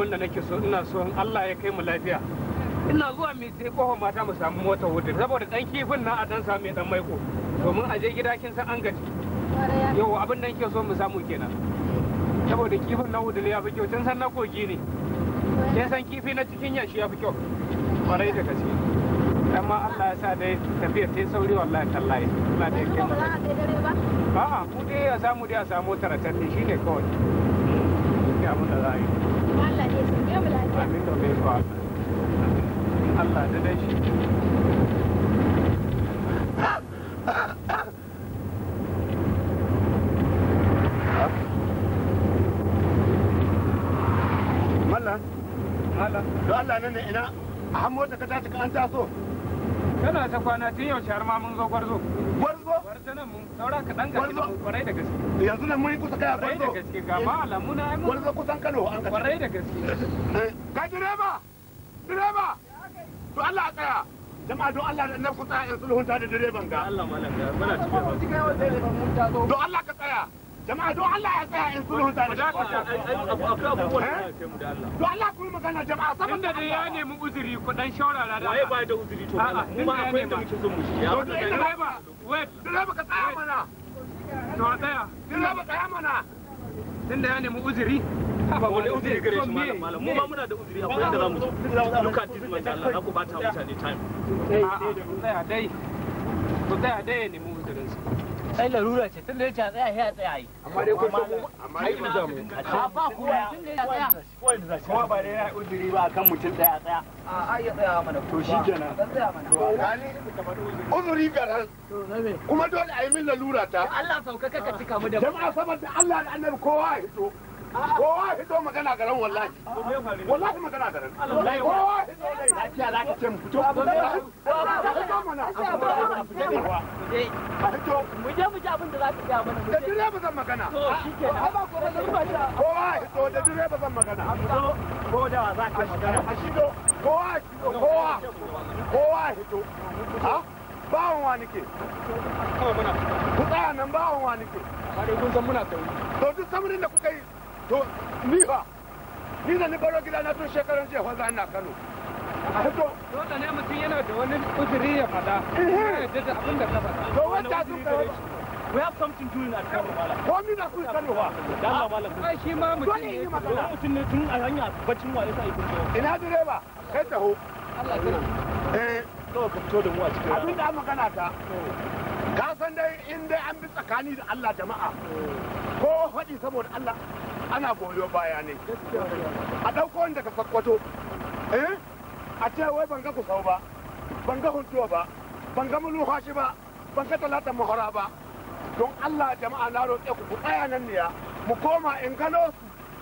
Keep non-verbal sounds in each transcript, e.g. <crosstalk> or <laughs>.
abin da nake so ina so in Allah ya kai mu lafiya ina zuwa mai sai kohon mata mu samu mota wudin saboda dan kifin na a dan samu dan maiko domin a je gida kin san an gaji yau abin da nake so mu samu kenan saboda kifin na wudin ya fi kyau tun san na kogi ne kin san kifi na cikin yashi ya fi kyau kwarai da gaske amma Allah ya sa dai tafiyar ta sauri wallahi tallahi Allah da yake mu ba mu dai ya samu dai a samu taratar shine kawai ya mun da ra'ayi abin da bai faru Allah da dai shi Mallan Mallan don Allah nan ne ina a ka ta kata ta an taso kana ta kwana tun yaushe har ma mun zo gwarzo gwarzo gwarzo nan mun saura ka dan gaske mu kwarai da gaske yanzu nan mun yi kusa kaya a gwarzo kwarai da gaske ga ma alamuna ai mun gwarzo kusan Kano an kwarai da gaske eh. Ga direba! Direba! To Allah a tsaya! Jama'a don Allah da annabi ku tsaya in ta da direban ga. Allah malam ga muna cikin Don Allah ka tsaya! Jama'a don Allah ya tsaya in ta da direban ga. Don eh? Allah ku magana jama'a saboda da ya ne mu uzuri ku dan shawara da. Waye ba da uzuri to kuma akwai da muke son mu shi. Ya wata direba. Wait, direba ka tsaya mana. To a tsaya. Direba ka tsaya mana. Tunda ya nemi uzuri. wani uzuri gare shi malam malam mu ma muna da uzuri akwai yadda zamu ci look at this man Allah ku bata mutane time ku tsaya dai ku tsaya dai ne mu uzurin su ai larura ce tun da ya tsaya ya tsaya yi amma dai kuma amma dai kuma zamu a ba ku tun da ya tsaya kuma ba dai ya uzuri ba kan mutum tsaya tsaya a ai ya tsaya mana to shikenan dan tsaya mana to uzuri garan kuma dole a yi min larura ta Allah sauka ka cika mu da jama'a saboda Allah da annabi kowa ya hito kowa ya fito magana garan wallahi wallahi magana garan kowa fito dai a ce za ka ce mu fito a fito mana a fito mu je mu ji abin da za ka mana da direba zan magana kowa hito fito da direba zan magana ko da za ka magana a shido kowa fito kowa kowa fito ha bawon wa nake ku tsaya nan bawon wa nake to duk samarin da kuka yi to ni ni zan baro gida na tun shekaran jiya wanda ina Kano to dole ne mutum yana da wani uzuri ya fada eh. ya da abin da ka fada to We have something to do in Kano Malam. Ko mi na kun Kano ba? shi Dole mutum ne tun Ina direba? Kai taho. Allah eh. a magana ta. Ka san dai in dai an bi tsakani da Allah jama'a. Ko faɗi saboda Allah ana goyo baya ne a ɗauko wanda ka sakwato eh a ce wai ban ga kusau ba ban ga huntuwa ba ban ga mulwashi ba ban ga talatan mahara ba don allah jama'a na roƙe ku ku tsaya nan ne ya mu koma in gano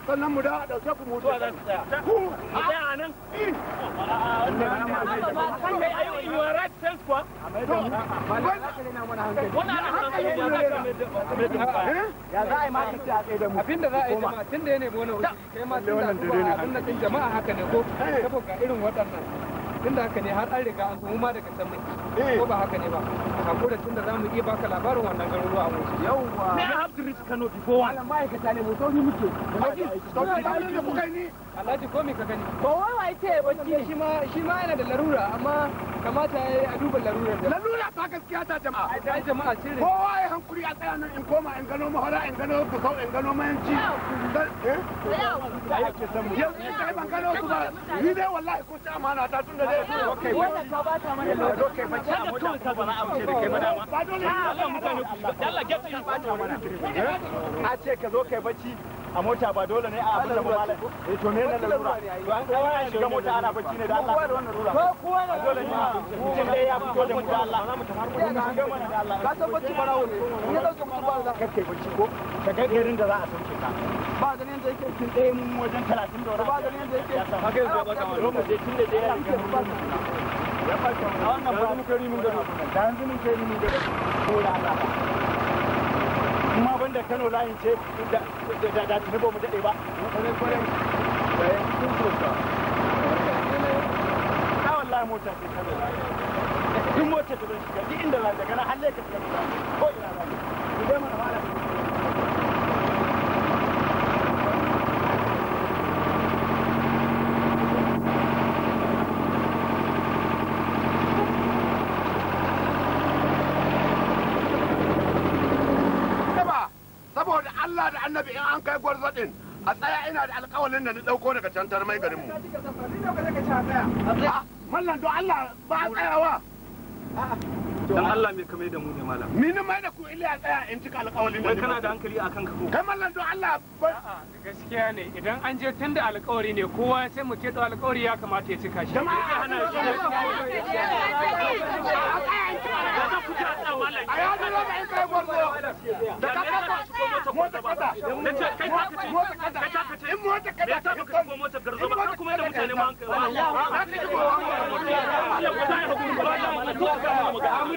sannan mu da a ɗauke ku mutu a nan ku a tsaya a nan ya za a yi mata a tsaye da mu abinda eh? za a yi jama'a tun da ya nemi wani wuri kai ma tun da abin da jama'a haka ne ko kafa eh. ga irin waɗannan tunda haka ne har an riga an zo ma daga can muke eh. ko ba haka ne ba hakura tun da zamu iya baka labarin wannan garuruwa a motsi. yawwa me have to reach Kano before one ma'aikata ne mu sauri muke Alhaji ko me ka gani ba wai wai ce ba shi ma shi ma yana da larura amma kamata yayi a duba larurar da larura ba gaskiya ta jama'a ai jama'a cire kowa wai hankuri a tsaya nan in koma in gano mahara in gano sau in gano mayanci eh yanzu kai ban gano su ba ni dai wallahi ko ta amana ta tunda wannan ka ba ka kai madama ne a ce ka zo kai bacci a mota ba dole ne a abin da mala eh to me nan lura to an kawo a shiga mota ana bacci ne da Allah ko kuwa ne dole ne mutum ya fito da mutum Allah za mu tafi mu shiga mana da Allah ka san bacci barawo ne ni dauke mutum ba za ka bacci ko ka kai garin da za a sauke ka ba da yadda yake cin ɗaya mun wajen talatin da ba da yake haka yanzu ya bata wani lokaci tun da ɗaya ya mun ya a wannan ba mun kai mun gano da yanzu mun kai mun gano ko da Allah kuma ban da Kano layin ce da da da tuni ba mu daɗe ba kwarai da ya kun sosa a wallahi mota ce Kano duk mota ta shiga duk inda gana halle ka ko ina annabi in an kai gwarzo din a tsaya ina da alƙawalin da na ɗauko daga cantar mai garinmu. Mallan don Allah ba a tsayawa. dan Allah me kame da mu ne malam ni ne mai da ku illa tsaya in cika alƙawarin da kana da hankali akan ka ko kai mallan don Allah a'a gaskiya ne idan an je tun da alƙawari ne kowa sai mu ke da alƙawari ya kamata ya cika shi jama'a hana shi a ya da ba da kai gwarzo da ka kasa mota kasa nace kai ka kace mota kasa kai ka kace in mota kasa ya ta baka ko mota garzo ba kuma da mutane ma an kai wallahi ka ji ko Allah ya hukunta ba da malaka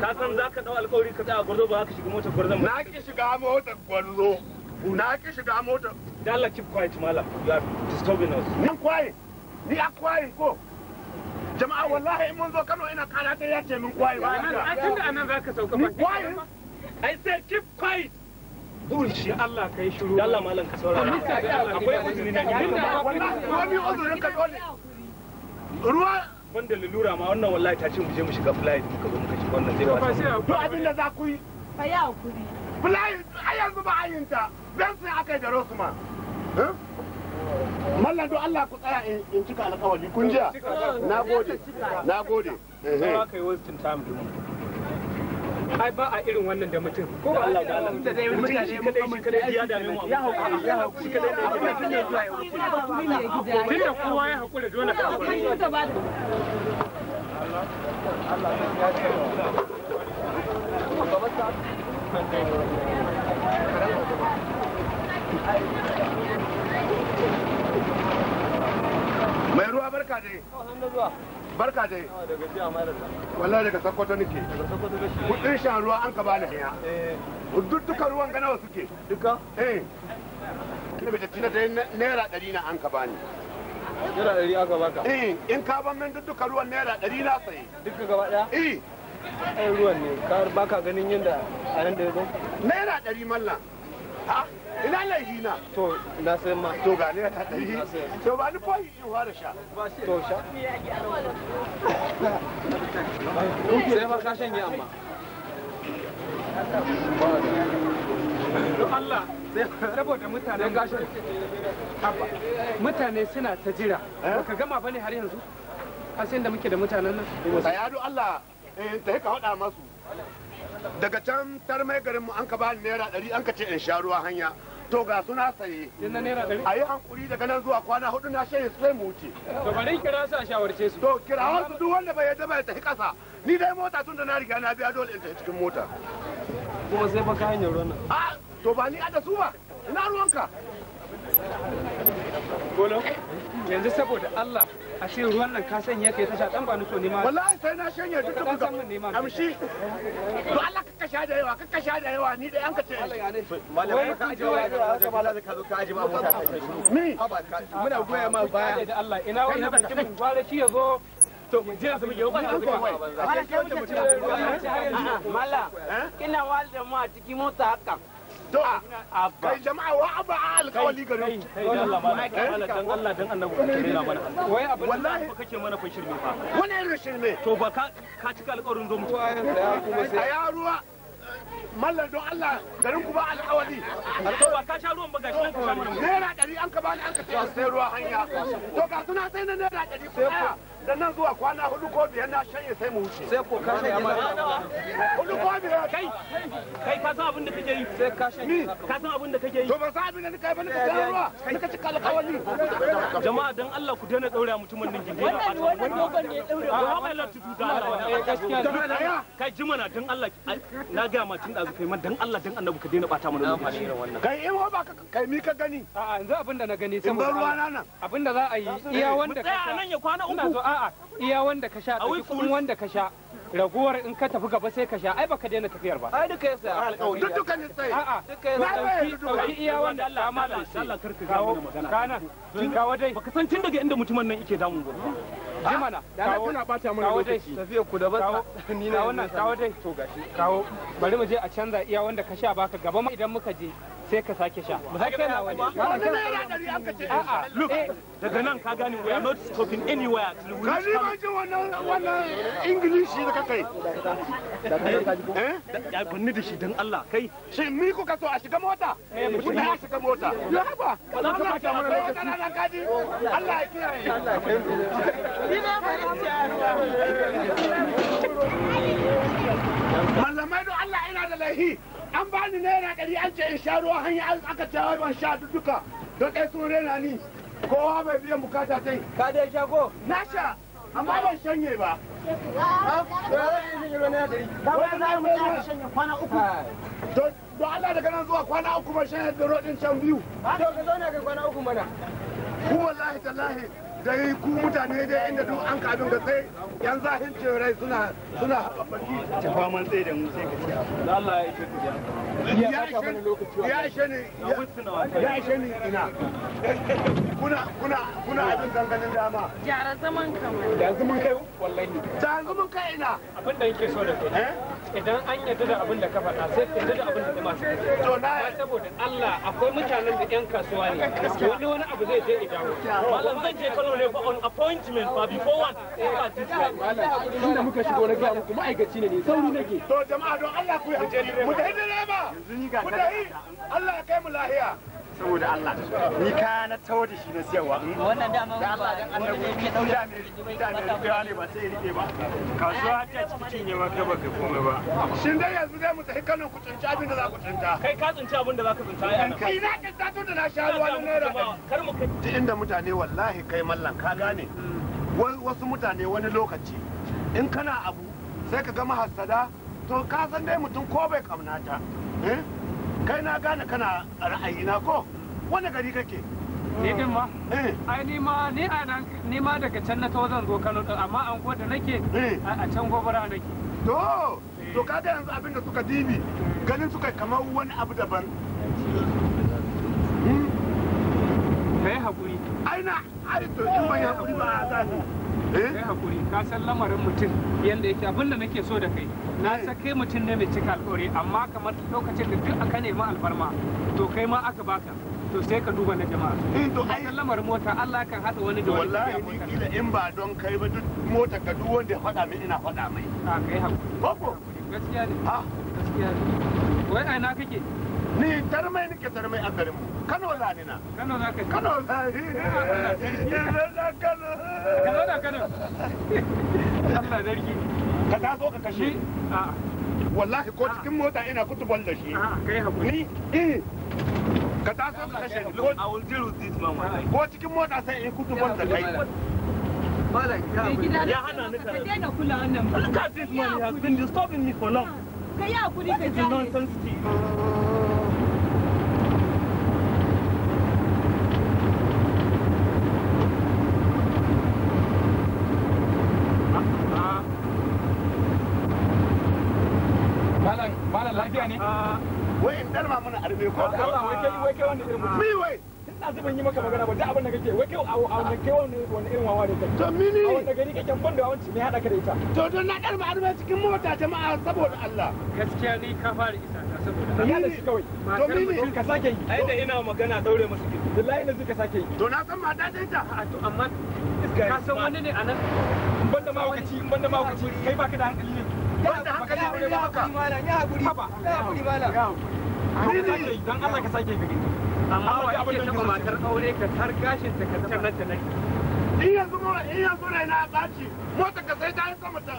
ka san za ka dau alkawari ka tsaya gwarzo ba ka shiga motar gwarzon ba na ki shiga motar gwarzo na ki shiga motar la keep quiet malam you are disturbing us ni quiet ni a quiet ko jama'a wallahi mun zo Kano ina kara ta yace min quiet ba a tunda anan za ka sauka ba ni quiet i say keep quiet Bullshit. Allah kai shiru. Allah malam ka saurara. Akwai uzuri na. Wallahi ko ni uzurin ka dole. Ruwa ban da lura ma wannan wallahi ta ce mu je mu shiga flight muka zo muka shiga wannan zai ba to abin da za ku yi fa ya hakuri flight a yanzu ba ayin ta dan sai aka da Rosman mallan do Allah ku tsaya in cika alƙawari kun jiya nagode nagode eh kai wasting time din ai ba a irin wannan da mutum ko ba Allah da shi kadai shi kadai ya dame mu ya ya kadai da kike zuwa ya ya mai ruwa barka dai barka dai ah, wallahi daga sakkwato nake kudin shan ruwa an ka bani hanya eh. duk duka ruwan ga nawa suke duka eh kina bi tattina dai naira 100 na an ka bani naira 100 aka baka eh in ka ban min duk duka ruwan naira 100 na sai duka gaba daya eh ai ruwan ne ka baka ganin yanda a nan da yabo naira 100 mallan ha ina laifi na to na sai ma to ga ne ta dari to ba ni fashi in fara sha to sha sai ma ka shanye amma Allah saboda mutanen mutane suna ta jira eh? ka gama bane har yanzu har da muke da mutanen nan a yadu Allah eh, ta yi ka hada masu daga can tarmai garinmu an ka ba naira ɗari an ka ce in sha ruwa hanya to ga suna saye a yi hankuri daga nan zuwa kwana hudu na shayi sai mu wuce to bari kira su a shawarce su to kira su duk wanda bai yadda bai tafi kasa ni dai mota tun da na riga na biya dole in tafi cikin mota kuma sai baka hanyar ruwan nan a to ba ni ada su ba ina ruwanka Bolo, yanzu saboda Allah ashe ruwan nan ka sanya kai tasha dan ba ni so ne ma wallahi sai na shanye duk da buga amshi to Allah ka kasha da yawa ka kasha da yawa ni da yanka ce malama ka aje wa ka zo ka aje ma mota ni muna goya ma baya da Allah ina wannan shi ya to mu je asibiti yau ba ta zuwa mala ina walda mu a mota haka addu'a kai jama'a wa abu a alkawali gare kai Allah dan Allah dan mana wai wallahi kake mana fa shirme fa wani irin shirme to ba ka ka cika alƙawarin zo a yaruwa don Allah garin ku ba to ba ka sha ruwan ba gashi sha naira 100 an ka bani an ka sai ruwa hanya to ga suna sai na naira 100 ku dan nan zuwa kwana hudu ko biyar na shanye sai mu wuce sai ko kashe amma hudu ko biyar kai kai ka san abin da kake yi sai kashe ni ka san abin da kake yi to ba san abin da kai ba ne ka san ruwa ni ka cika alƙawari jama'a dan Allah ku daina daura mutumin nan gindi wannan wannan dogon ne daure ba ba Allah tudu da Allah eh, kai ji mana dan Allah na ga ma tun dazu kai man dan Allah dan annabi ka daina bata mana wannan kai in ho ba kai mi ka gani a'a yanzu abin da na gani sai ban ruwa nan abin da za a yi iya wanda ka sai nan ya kwana uku a'a iya wanda ka sha ɗauki kuɗin wanda ka sha raguwar in ka tafi gaba sai ka sha ai baka daina tafiyar ba ai duka yasa alƙawari duk duka ne sai a'a duka yasa dauki iya wanda Allah ya mallaka Allah karka ga magana kana kin ga wadai baka san tun daga inda mutumin nan yake damun gurba je ah, mana da na tana bata mana lokaci tafiya ku da bata ni na wannan kawo dai to gashi kawo bari mu je a canza iya wanda ka sha baka gaba ma idan muka je sai ka sake sha mu sake na wani wani ne ya dari an kace a'a look eh. daga nan ka gane we are not stopping anywhere till we kaji ma ji wannan wannan english da kakai ya eh? eh? banni da shi dan Allah kai shin mi ku so a shiga mota ku da shiga mota ya haba ba ka mana lokaci Allah ya kiyaye Mallamai don Allah ina da laihi an bani naira ɗari an ce in sha ruwa hanya an aka cewa ban sha duka don ɗai sun rena ni kowa bai biyan bukata ta. Ka dai sha ko? Na sha amma ban shanye ba. Don Allah daga nan zuwa kwana uku ban shanye da rodin can biyu. Don ka zo ne ga kwana uku mana. Kuma wallahi tallahi dai ku mutane dai inda duk an kabin ga sai yan zahin rai suna suna haɓaɓɓaki ta faman tsaye da mu sai ka ce Allah ya ishe ni ya ishe ni ina <laughs> kuna kuna kuna abin danganin dama jara zaman kamar da zaman kai wallahi ta zaman kai ina abin da yake so da kai eh? idan an yadda da abin da ka faɗa sai ka yadda da abin da kuma to na saboda Allah akwai mutanen da yan kasuwa ne wani wani abu zai je ya dawo malam zan je Kano ne fa on appointment ba before one inda muka shigo na gaya muku ma'aikaci ne ne sauri nake to jama'a don Allah ku yi mu da hidda ba Allah ya kai mu lahiya saboda Allah ni kaya na tawo da shi na siyarwa wannan da amma Allah dan Allah ne dauki da mai da mai da ne ba sai rike ba kasuwa ta cikin ne ma kai ka komai ba shin dai yanzu dai mu ta Kano ku tunta abin da za ku tunta kai ka tsinci abin da za ka tunta ai ina kai na tsinta da na sha ruwa na naira kar mu kai duk inda mutane wallahi kai mallan ka gane mm. wasu mutane wani lokaci in kana abu sai ka ga mahassada to ka san dai mutum ko bai kamnata eh kai na gane kana na ko wani gari kake ni din ma eh. ai ni ma ni a nan ni ma daga can na tawo zan zo Kano din amma an da nake eh. a can gobara nake to eh. to kaga yanzu abin da suka dibi ganin suka kamar wani abu daban hmm? kai hakuri ai na ai to in ban hakuri ba za ni Eh? kai hakuri ka san lamarin mutum yadda yake abin da nake so da kai na eh. san kai mutum ne mai cika alƙawari amma kamar lokacin da duk aka nemi alfarma to kai ma aka baka to sai ka duba na jama'a eh to ai lamarin mota Allah kan hada wani da wani wallahi ni kila in ba don kai ba duk mota ka duk wanda ya faɗa min ina faɗa mai a ah, kai hakuri gaskiya ne ha gaskiya ne wai ai na kake ni tarme ni ke tarme a mu kano za ni na kano za ke kano za zani na kano kano na kano Allah da riki ka taso ka kashe a wallahi ko cikin mota ina kutubal da shi kai hakuri ni eh ka taso ka kashe mama ko cikin mota sai in kutubal da kai ya hana ni ka daina kula wannan look at this man he has been disturbing me for long ka ya hakuri ka jani nonsense zai kwanta yi maka magana ba duk abin da kake wai kai a wannan kai wannan irin to mini a wannan ban da wanci da to don na karba arba cikin mota jama'a saboda Allah gaskiya ni ka fara isa ta saboda Allah kawai to mini ka sake yi ai da ina magana daure musu ki wallahi na zuka sake yi to na san mata ta to amma ka san wani ne anan ban da mawukaci ban da mawukaci kai baka da hankali ne ban da hankali ne ya hakuri ya hakuri dan Allah ka sake gari amma wa ake taba matar aure ka tar gashin ta ka tar nanta nake in yanzu mu in yanzu rai na baci mota ka sai ta yi sama ta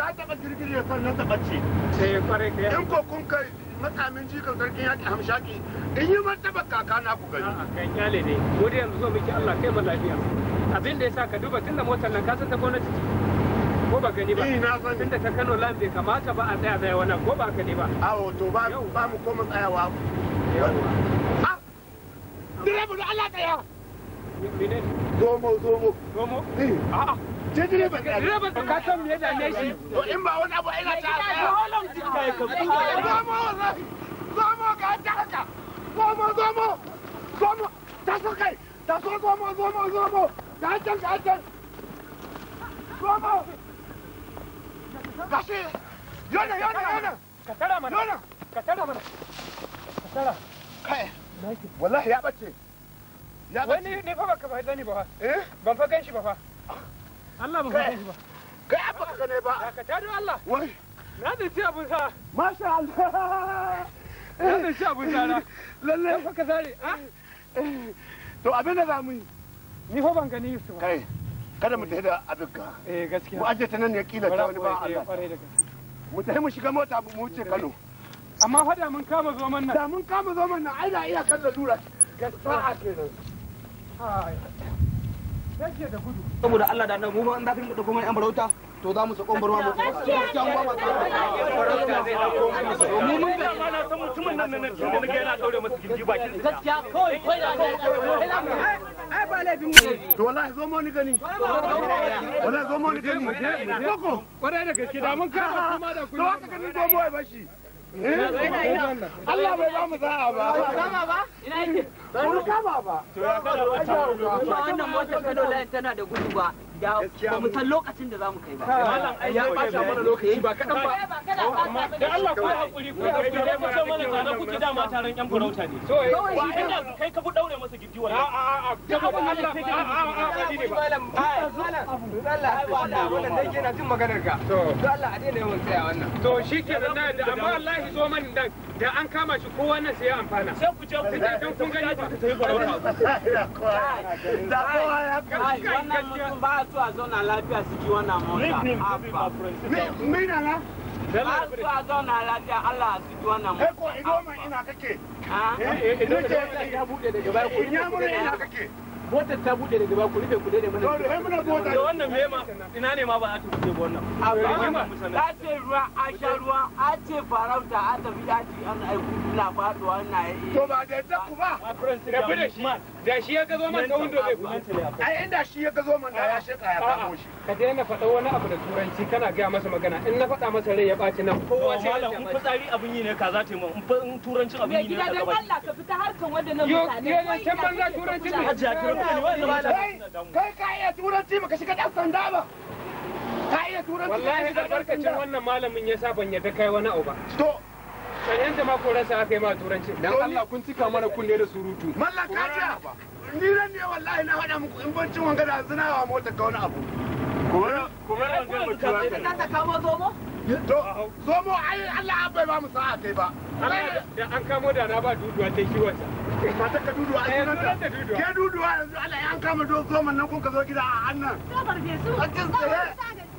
ta taba girgiri ya san na ta bace sai kware ka in ko kun kai makamin jikan sarkin yaki hamshaki in yi taba kaka na ku gari a'a kyale ne mu da yanzu zo miki Allah kai mu lafiya abin da yasa ka duba tunda motar nan ka san ta gwamnati ko ba gani ba ina san tunda ta Kano land bai kamata ba a tsaya tsaya wannan ko ba gani ba awo to ba ba mu koma tsayawa a ah! direba da Allah tsaya zomo zomo zomo a'a je direba tsaya direba ka san me da ne shi to in ba wani abu ina ta tsaya holon jinka ka zomo zomo ka ta haka zomo zomo zomo ta so kai ta so zomo zomo zomo ta can ta can zomo gashi yona yona yona ka mana yona kai wallahi ya bace ya bace ne fa baka bai zani ba eh ban fa ganshi ba fa Allah kai abba ka ba ka tare na da ci abun masha Allah na da ci abun sa lalle fa ka sare to abin da za mu yi kai kada mu tafi da abin ga eh gaskiya mu aje ta nan ne kila ta wani ba Allah mu tafi mu shiga mota mu wuce Kano amma fa da mun kama zoman nan da mun kama zoman nan ai da iya kan lura sa'a kenan da gudu saboda Allah da nan mu an in za ka rinka dauko barauta to za mu sako barwa mu gaskiya mu ba ma tsaro mu mun da mana san mutumin nan nan da nake yana daure masa gindi bakin gaskiya da kai ba laifin mu to wallahi zo mu gani wallahi zo koko da gaske da mun ka kuma da kuma to haka gani zo mu ai bashi eh? Allah bai ba mu ba. ba? Ina yake? Ba mu ba. To ya kada wata wannan motar Kano Line tana da gudu ba. ya ba mu san lokacin da za mu kai ba ya ɓata mana lokaci ba kaɗan ba da Allah ku haƙuri ku haƙuri da kusa mana tare kuke dama taron yan farauta ne ba ina kai ka bu daure masa gidi wala a a da Allah a a a malam Allah Allah wannan dan yana jin maganar ka to Allah a daina yawan tsaya wannan to shikenan na da amma wallahi zo man dan da an kama shi ko wannan sai ya amfana sai ku je ku da dan kun gani ba ta farauta da kowa ya kai wannan mutum ba moto azo na labi asiki wana motaminala aso azo na labi ala asiki wana motaeko idoma ina kake eh, eh, eh, nyamuna ina kake motar ta bude daga ba ku rufe ku daidai mana da muna mota da wannan me ina ne ma ba a tafi ba wannan a ba ta ce ruwa a sha ruwa a ce farauta a tafi daji an aiku ina faduwa ina yi to ba da ta ku ba da bi shi da shi ya gazo man ta window bai kuma ai inda shi ya gazo man da ya shi tsaya ta shi ka daina faɗa wani abu da turanci kana gaya masa magana in na faɗa masa rai ya ɓaci nan kowa sai ya ɓaci fitsari abin yi ne ka za ta yi in turancin abin yi ne ka gaba gida dan Allah ka fita harkan wadannan mutane yo yo can banza turancin ne kai ka iya turanci baka shiga ɗan sanda ba ka iya turanci wallahi albarkacin wannan malamin yasa ban yadda kai wani abu ba to sanyan ta ma korarsa aka yi ma turanci dan Allah kun cika mana kunne da surutu mallaka ta miran ne wallahi na faɗa muku in bancin wanga da zina wa mota ka wani abu kuma kuma wanga mutuwa kuma ne ta kamo zomo to zomo ai Allah bai ba mu sa'a kai ba da an kamo da na ba duduwa ta kiwon sa mata ka duduwa eh, a sunan ta ke duduwa yanzu Allah ya an kama zoman nan kun ka zo gida a annan to barbe su a kin tsaye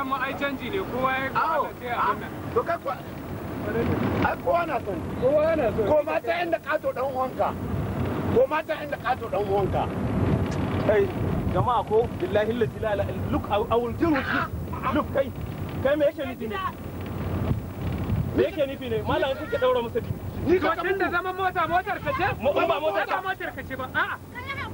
mu ai canji ne kowa ya kawo to ai kowa na son kowa son ko mata inda kato dan uwanka ko mata inda kato dan uwanka kai jama'a ko billahi la ilaha look i will with look kai kai me yake nufi ne me yake nufi ne malam kake daura masa ni ka tunda zaman mota motar ka ce ba motar ka ce ba a'a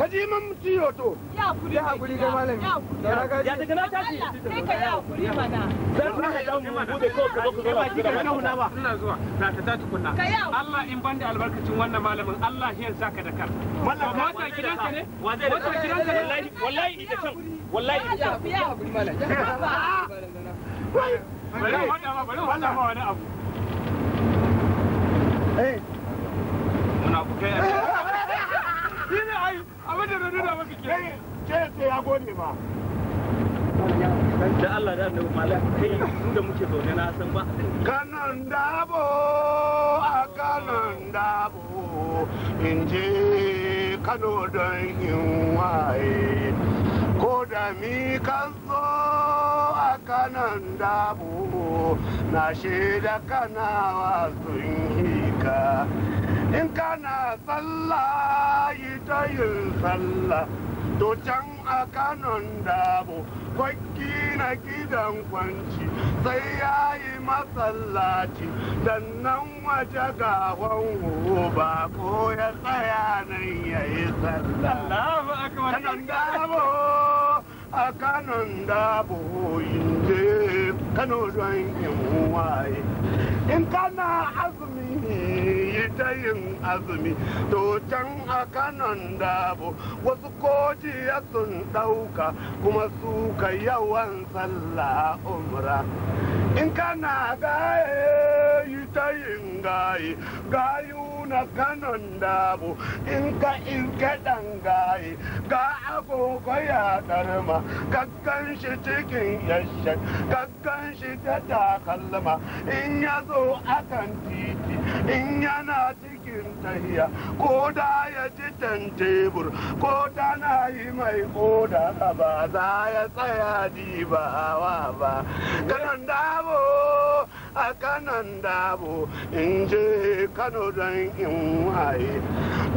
ka ji mun ciwo to ya kuri ya kuri ga malami ya daga na tashi sai ka ya kuri mana sai ka damu mu bude ko ka zo ka zo ba ki Na ba ina zuwa na ka ta tukunna Allah in banda albarkacin wannan malamin Allah ya saka da kar wallahi gidan gidanka ne mata gidanka ne wallahi wallahi ita can wallahi ita ya ya kuri malami <laughs> bari wanda ma bari wanda ma wani abu eh munafukai sai da Allah da annabi malam kai muke zaune na san ba kanan dabo a kanan dabo inje Kano don in waye ko da mi kan zo a kanan dabo na shaida kanawa sun hika in kana tsalla yi ta yin tsalla to can a kanon dabo kwakki na gidan kwanci sai ya yi matsalaci dan nan waje ga wanwo ba ko ya tsaya nan ya yi tsalla kanon dabo a kanon dabo yin ne kano don yin waye in kana azumi yi ta yin azumi to can a kanon dabo wasu koji ya sun dauka kuma su ka yawan sallah umra in kana gaye yi ta yin gaye gayu na kanon dabo in ka iske dangaye ga agogo ya darma kakkan shi cikin yashe kakkan shi ta takalma in ya zo akan titi in yana cikin cikin tahiya ko da ya ji tan tebur ko da na yi mai koda ba za ya tsaya dibawa ba kanan dabo a kanan dabo in je kano don in waye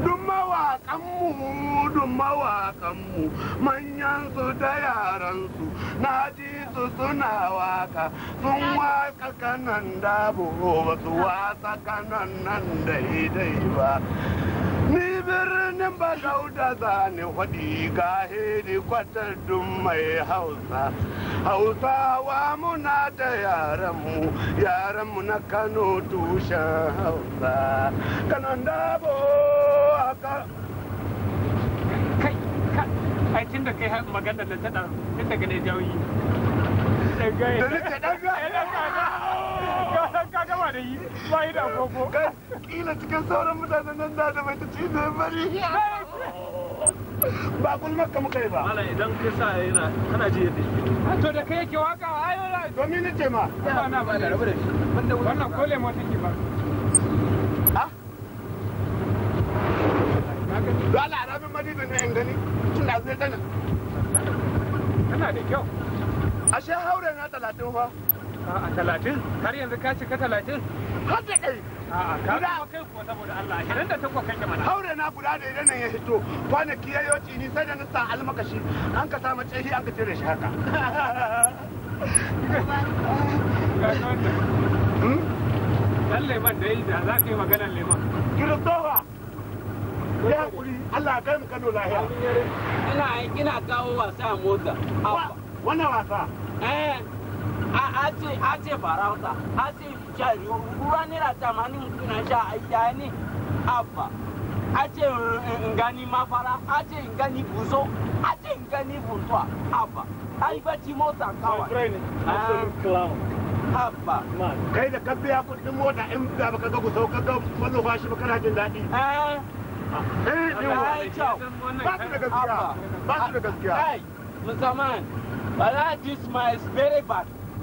duk mawaƙanmu duk mawaƙanmu manyansu da yaransu na ji su suna waka sun waka kanan dabo ba su wasa kanan nan daidai zai ba ni birnin ba dauda za ni hudi ga hedi kwatar dun mai hausa hausa wa muna da yaranmu yaranmu na kano tushen hausa kanon dabo aka ai tun da kai magana da ta ɗan tun daga ne jawi daga gama da yi ba yi da agogo kila cikin sauran mutanen nan da da bai ta ci da bari ba gulmar ka muka ba malam idan ka sa yana kana ji yadda shi ah, to da kai yake waka ai wala domin ni ce ma ba na ba da rabu da shi wannan kole ma take ba ha ah? Dole a rabin madina ne gani tun da zai dana. Tana da kyau. Ashe haure na talatin fa. A'a talatin? Har yanzu ka cika talatin? Har da kai. A'a ka kuma kai kuwa saboda Allah ashirin da takwas kai mana. Haure na guda da idan nan ya hito kwanaki ya yoci ni sai da na almakashi an ka samu tsehi an ka cire shi haka. Hmm? Dan leman da yi da za ka yi maganar leman. Kiristofa. Ya hakuri Allah kai mu Kano lahiya. Ina ina kawo wasa mota. Wannan wasa? Eh. ace farauta ace jari ruwa naira tamanin na sha aida ne abba ace ngani mafara ace ngani buzo ace ngani buntuwa abba ai bacci mota kawai abba kai da ka biya kudin mota in ba ka ga gusau ka ga manufa shi ba kana jin daɗi Musamman, but that is my very bad.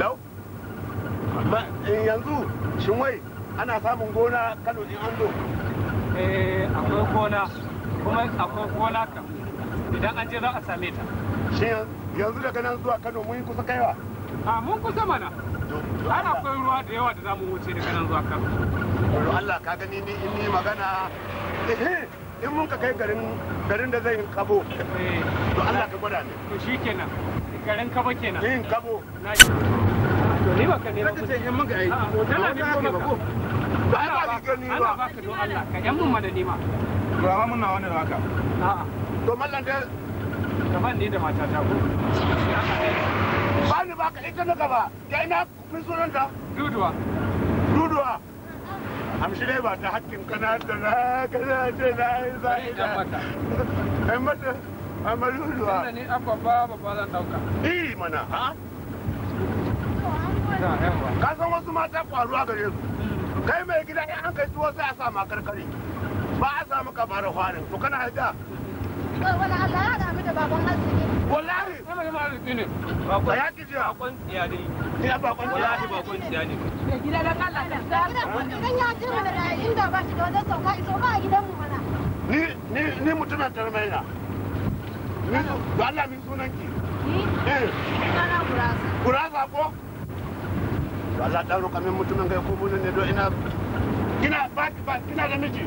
lau eh, yanzu shin ana samun gona kano in an zo eh akwai gona kuma akwai gona kan idan an je za a same ta shin yanzu daga nan zuwa kano mun kusa kaiwa a ah, mun kusa mana har akwai ruwa da yawa da za mu wuce daga nan zuwa kano Allah ka gani ni in ni magana eh, eh. in mun ka kai garin garin da zai yin kabo eh. to Allah ka gwada ne to shikenan garin kabo kenan yin kabo na to ni ba ka ne ba ce in mun ka ai to dala ne ko ba ba ba ni ba Allah baka to Allah ka yan mun madadi ma ba mun na wani haka a'a to mallan da kaman ni da ta ko ba ni ba ka ita na gaba da ina kun da duduwa duduwa amshi dai ba ta hakkin kana da na kana ce na yi zai da mata mata a maluluwa ni abba ba ba zan dauka eh mana ha ka san wasu mata kwaruwa gare su kai mai gida in an kai tuwo sai a sa ma karkare ba a sa maka bara kwanin to kana da wani Allah ya haɗa da baban arziki. Wallahi, sai mai ma arziki ne. Ba ya ki jiya. Bakon tsiya dai. Ina bakon tsiya ne. Bakon tsiya ne. Da gida na kalla da sa. ya ji mana da inda ba shi da wajen sauka iso ba a gidanmu mana. Ni ni ni mutuna tarmaina. Ni da Allah min sunan ki. Ni? Eh. ko? Allah ɗan roƙa min mutumin kai ko ne don ina kina ba kina da miji.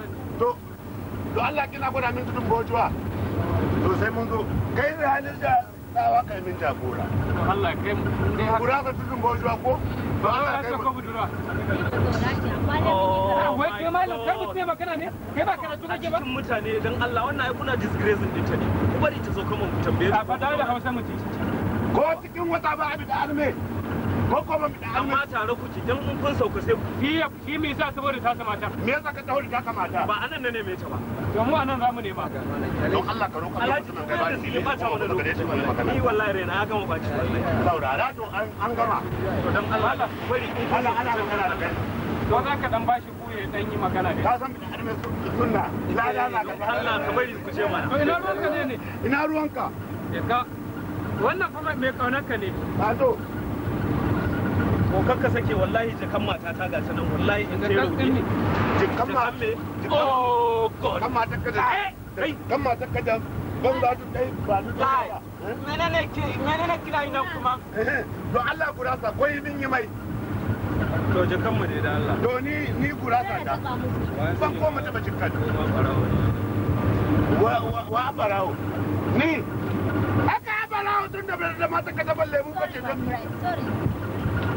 don Allah kina gwada min tudun bojuwa to sai mun zo kai da halin da tsawa kai min jagora Allah kai mun dai haka ka tudun bojuwa ko ba Allah kai ko budura wai kai malam kai mutum magana ne kai ba karatu kake ba mutane dan Allah wannan ai kuna disgrace din ta ne ku bari ta zo kuma mu tambaye a ba da Hausa mutum ko cikin wata ba abi da alme an tare ku ci dan mun kun sauka sai ku shi shi me sa saboda ta kamata me yasa ka taho da ta kamata ba anan ne me ta ba to mu anan zamu ne ba don Allah ka roƙa Alhaji mun ga shi ba ta wannan lokaci ni wallahi rena ya gama baci saurara to an gama to dan Allah bari Allah Allah magana da kai to za ka dan bashi ku ya dan yi magana da ka san bin arme sunna la la la Allah ka bari ku ce mana ina ruwanka ne ne ina ruwanka ka wannan fa mai kaunarka ne ka zo ko kakka sake wallahi jikan mata ta gasa nan wallahi in sai rubi jikan ma me oh god kan mata ka kan mata ka ban za ta dai ba ni da menene ki menene kira ina kuma <laughs> do Allah gurasa koyi min yi mai to jikan mu ne da Allah to ni ni gurasa ta ban ko mata ba jikan wa wa barawo ni aka barawo tun da mata ka da balle mu kace sorry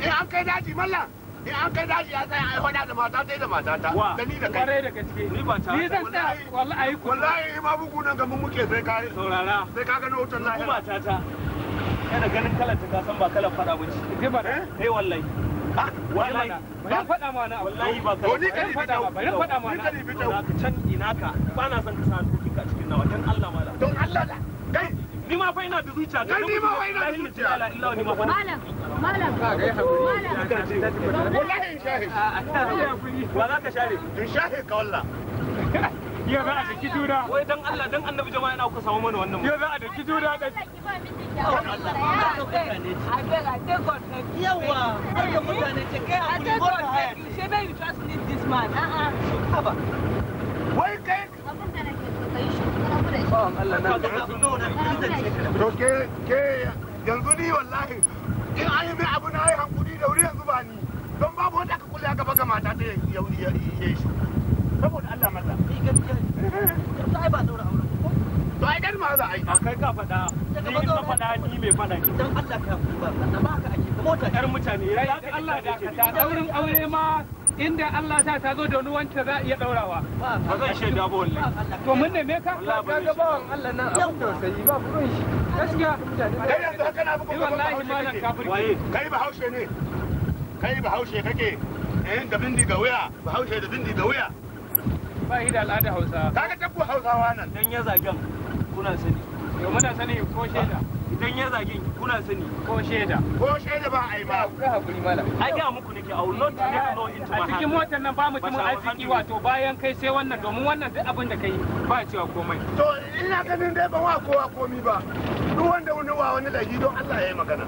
eh an kai daji mallam in eh, an kai daji ya tsaya ai hona da mata tai da mata ta da ni da kai kwarai da gaske ni ba ta ni zan tsaya wallahi ku wallahi ma bugu nan ga mun muke sai ka saurara sai ka gano na lahira ba ta ta kana ganin kalar ta ka san ba kalar fada ba ce kai ba eh? eh wallahi ah, wallahi ba fada ma na wallahi ba kai ni kai fada ma bari fada ma na can ina ka ba na son ka san tuki ka cikin nawa dan Allah mala don Allah la. kai ni ma fa ina da zuciya dan ni ma fa ina da zuciya malam malam ka ga hakuri malam ka ce wallahi shahi ah, ah, ah. za ka share to shahi ka wallah <laughs> yau za a daki juna wai dan Allah dan annabi jama'a yana mana wannan za a da yawa da wai kai to yanzu ni wallahi in an yi mai abu na yi da wuri yanzu ba ni don babu wanda aka kulle ga mata ta ya yi shi saboda Allah maza ni gaskiya yanzu ai ba daura aure to ai dan ma za a yi a kai ka ni ni mai faɗa ni dan Allah ka ba ka ake mota yar mutane rai Allah da ka ta aure ma inda Allah ta ta zo da wani wanta za a iya daurawa ba zan da ba wallahi to mun ne me ka ka ga bawan Allah nan abin da sai ba burin shi gaskiya kai yanzu haka na buku wallahi ma malam kafiri kai ba haushe ne kai ba haushe kake eh da bindi ga wuya ba haushe da bindi ga wuya ba shi da al'ada Hausa kaga tabbu Hausawa nan dan ya zagin kuna sani to muna sani ko shaida Dan ya zagin kuna sani ko shaida ko shaida ba a yi ba ku hakuri mala ai ga muku nake a will not take no into ma a cikin motar nan ba mu arziki wato bayan kai sai wannan domin wannan duk abin da kai ba cewa komai to ina ganin dai ba wa kowa komi ba duk wanda wani wa wani lagi don Allah ya yi magana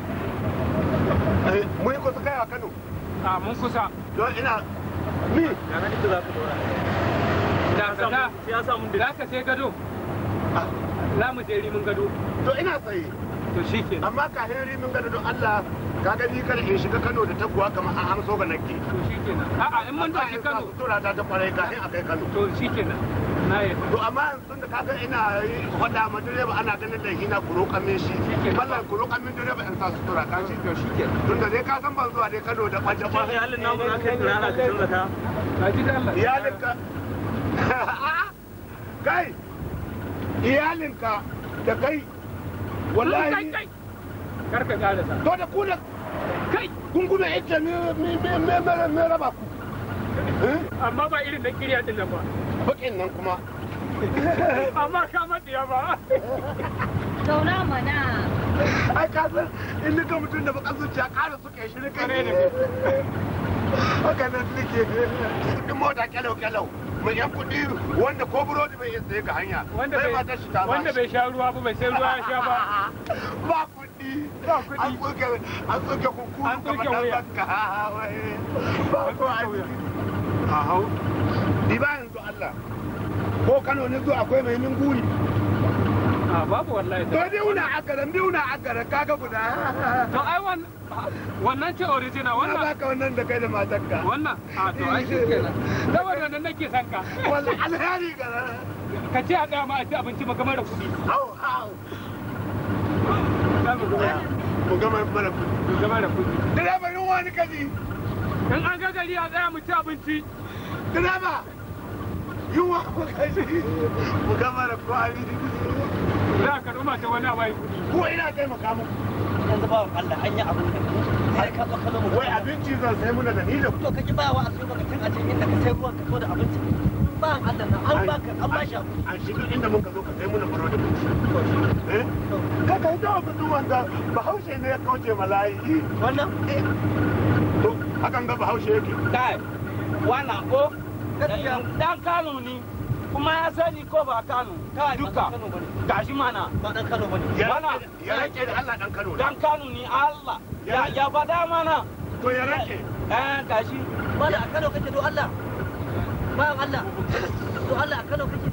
eh, mun kusa kai a Kano a mun kusa don ina ni ya ga duk za ku dora da ka ya da ka sai gado ah. za mu je rimin gado to ina tsaye to shi ke amma ka henry mun gada don allah ka gani kada in shiga kano da taguwa kamar an amso ga nake to shi ke a'a in mun tashi kano tura ta ta kwarai ka hin akai kano to shi ke na yi to amma tun k'a kaga ina faɗa ma direba ana ganin da hina kuro kamin shi ballan kuro kamin direba in sa su tura ka shi to shi ke tun da dai ka san ban zuwa dai kano da ɓace ba sai halin namu za ka yi tunana ka canza ta ka ji da allah iyalinka <laughs> kai iyalinka da kai wallahi karka gane sa to da ku da kai gungume yake me me me me raba ku eh? amma ba irin da kiriya din nan ba bakin nan kuma <laughs> amma ka madiya ba zauna mana ai ka in nika mutum da baka zuciya kara suke shi rika ne da haka nan nake kudin mota kyalau kyalau mai yan kudi wanda ko burodi bai yin saye ga hanya wanda bai sha ruwa ba bai sai ruwa ya sha ba <laughs> ba kudi ba an tsoke an tsoke kunkuru kamar dan banka ba ko a hau di ba yanzu Allah ko Kano ne zo akwai mai min guri a babu wallahi to biyu akaran biyu akaran kaga guda to ai wannan ce original wannan baka wannan da kai da matarka wannan a to ai shi da saboda nan nake son ka wallahi alheri gara ka ce a daya ma a ci abinci ba kamar da kuɗi hau hau mu gama da kuɗi mu gama da kuɗi direban wani kaji in an ga gari a tsaya mu ci abinci direba yunwa ko kashi ku gama da kwari za ka ruma ta wani abai ko ina kai makamu yanzu ba wa Allah an yi abin da har ka baka zo wai abinci zan sai muna da ni da to ka ki ba wa asu baka tun a cikin inda ka sai ruwan ka zo da abinci ba Allah na an baka an bashi a shiga inda mun ka zo ka sai muna burodi eh ka kai da abin wanda bahaushe ne ya kauce malayi wannan eh to hakan ga bahaushe yake kai wala ko dan kano kuma ya sani ko ba kano duka gashi mana dan kano bane ya rake da Allah dan kano dan kano Allah ya mana to ya rake eh, eh gashi mana a kano kake do Allah ba Allah Allah a kano kake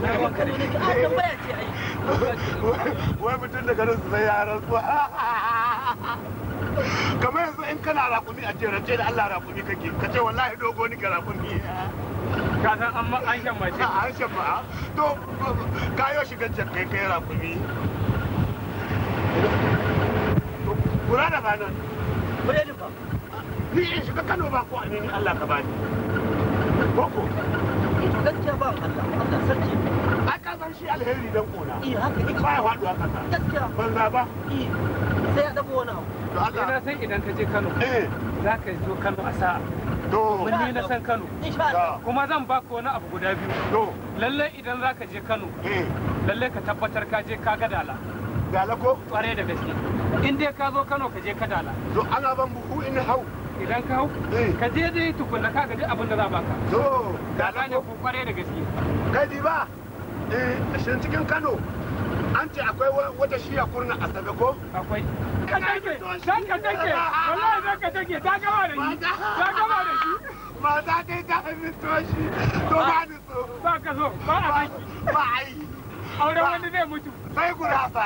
ah, wai mutum daga garin sai ya <laughs> kamar yanzu in kana rakumi a jerance da Allah rakumi kake ka ce wallahi dogo ni ga rakumi ka san an an shan mace an shan ma to y'o shiga jakai kai rakumi kura da ba nan kure ni ba ni in shiga Kano ba ko amini Allah ka bani ko ko. gaskiya ba Allah Allah sarki shi alheri dan kona eh haka ne baya faduwa kasa gaskiya ba eh sai wani abu to Allah ina san idan ka je Kano eh za ka zo Kano a sa'a to ne na san Kano kuma zan ba ka wani abu guda biyu to lalle idan za ka je Kano eh lalle ka tabbatar ka je ka ga dala dala ko kware da gaske in dai ka zo Kano ka je ka dala to ana ban buhu in hau idan ka hau eh. ka je dai tukunna ka gaji abin da za baka to da ne ko kwarai da gaske kai di ba eh shin cikin Kano an ce akwai wata shiya kurna a sabe ko akwai ka dake dan ka dake wallahi dan ka dake ta gaba da shi ta gaba da shi mata <laughs> dai ta min toshi to ba ni so ba ka so ba a baki ba ai aure wani zai mutu sai gurasa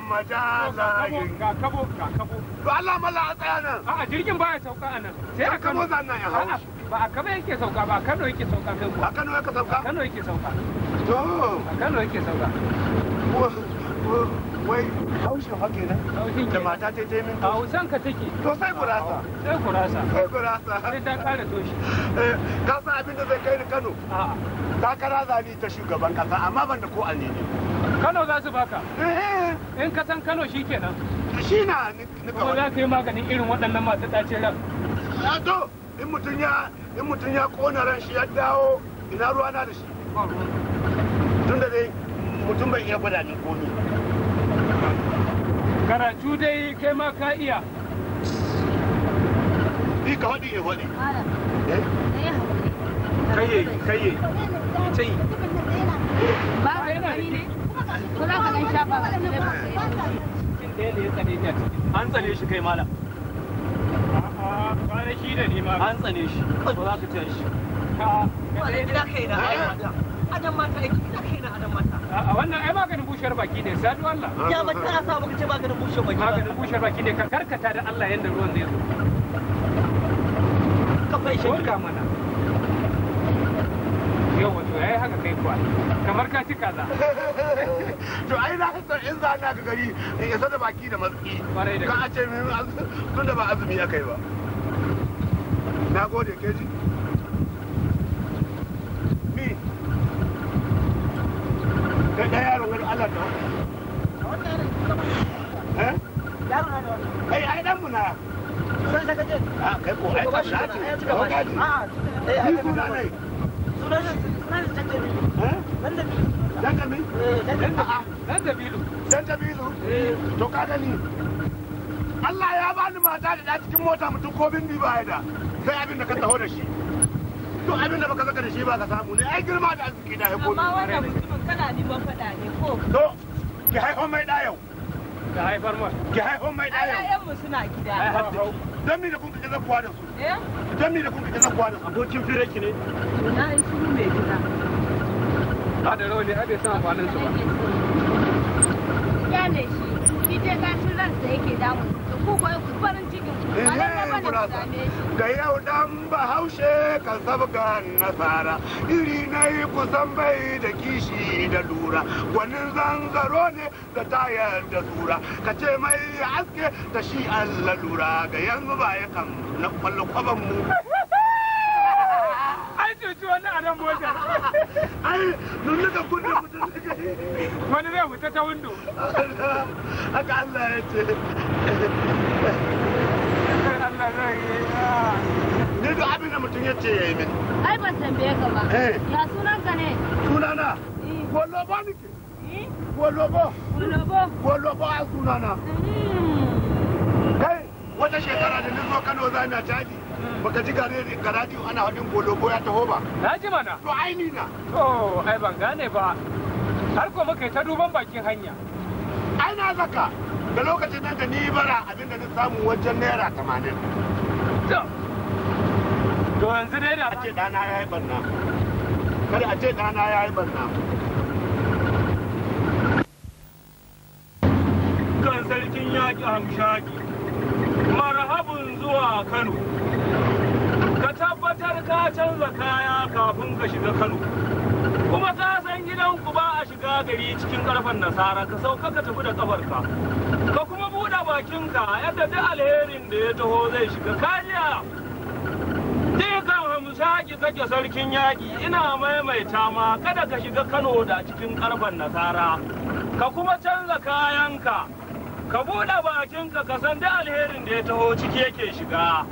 majala ga kabo ga kabo to Allah mala a tsaya nan a'a jirgin baya sauka a nan sai a kabo zan nan ya hawo ba a kabo yake sauka ba a Kano yake sauka kai ko a Kano yake sauka a Kano yake sauka to a Kano yake sauka wai haushin hake ne da mata ta yi min a hausan ka take to sai gurasa sai gurasa sai gurasa sai ta kare toshi eh, ka san abin da zai kai ni kano takara zani ta shugaban kasa amma ban da ko a kano za su baka eh. in ka san kano shi kenan shi na kuma za ka yi maganin irin waɗannan masu ɗacin ran to in mutum ya in mutum ya kona ran shi ya dawo ina na da shi tun da dai mutum bai iya ni komi karatu dai kai ma ka iya ni ka hadi ya eh? eh, hadi Kaiye, kaiye, kai yi ba ka yana ne za ka ɗan shafa eh. ka ɗan an tsane shi kai malam da ni ma an tsane shi ko za ka ce shi ka ɗan gida kai da adam mata ai mata a wannan ai maganin bushewar baki ne sai duk Allah ya ba sa maganin bushewar baki maganin baki ne ka karkata da Allah yanda ruwan zai zo ka fai shi ka mana yau wato yayi haka kai kuwa kamar ka ci kaza <laughs> to ai na in za na ga gari in isa da baki da matsi ka a ce min tun da ba azumi akai ba na gode keji kai da yaron wani Allah da eh? kai ai dan ah, kai ko ai ka ni ne sunan sunan to ka gani Allah ya bani mata da da cikin mota mutum ko bindi ba ya da sai abin da ka taho da shi duk abin da baka zaka da shi ba ka samu ne ai girma da arziki da haifo amma wannan mutumin kana liban faɗa ne ko to ki haifo mai da yau ki haifar mai ki haifo mai da yau ayyan mu suna gida dan me da kun kaje zakuwa da su eh dan me da kun kaje zakuwa da su abokin fire ki ne na yi shiru mai gida ba da rauni ai bai san amfanin su ba ya ne shi shi dai gashin yake damu ku ko ku farin ga yau dan bahaushe kan sabga nasara iri na yi kusan bai da kishi da lura gwanin zangaro ne da tayar da tura ka ce mai aske da shi allah lura ga yanzu ba ya kan na kwallo kwaban mu <laughs> ai nuna <laughs> ka wani zai ta windo <laughs> haka allah ya ce ne zan yi ni duk abin da mutum ya ce ya yi min ai ban tambaye ka ba eh. ya sunan ka ne sunana wolobo eh. nike wolobo eh? wolobo wolobo a sunana hmm. kai wata shekara da nizo kano za na caji hmm. baka ji gare ga radio ana hadin wolobo ya taho ba na ji mana to ai ni na to ai ban gane ba har ko muka ta duban bakin hanya ai na zaka da lokacin nan da ni bara abin da na samu wajen naira 80 to yanzu dai da ce dana ya yi barna kada a ce dana ya yi barna kan sarkin yaƙi hamshaki marhabin zuwa kano ka tabbatar ka canza kaya kafin ka shiga kano kuma ka san gidanku ba a shiga gari cikin karfan nasara ka sauka ka tafi da kafarka ka kuma buɗe bakinka yadda duk alherin da ya taho zai shiga kariya dukan Hamsaki kake sarkin yaƙi ina maimaita ma kada ka shiga kano da cikin karfan nasara ka kuma canza kayanka ka buɗe bakinka ka san duk alherin da ya taho ciki yake shiga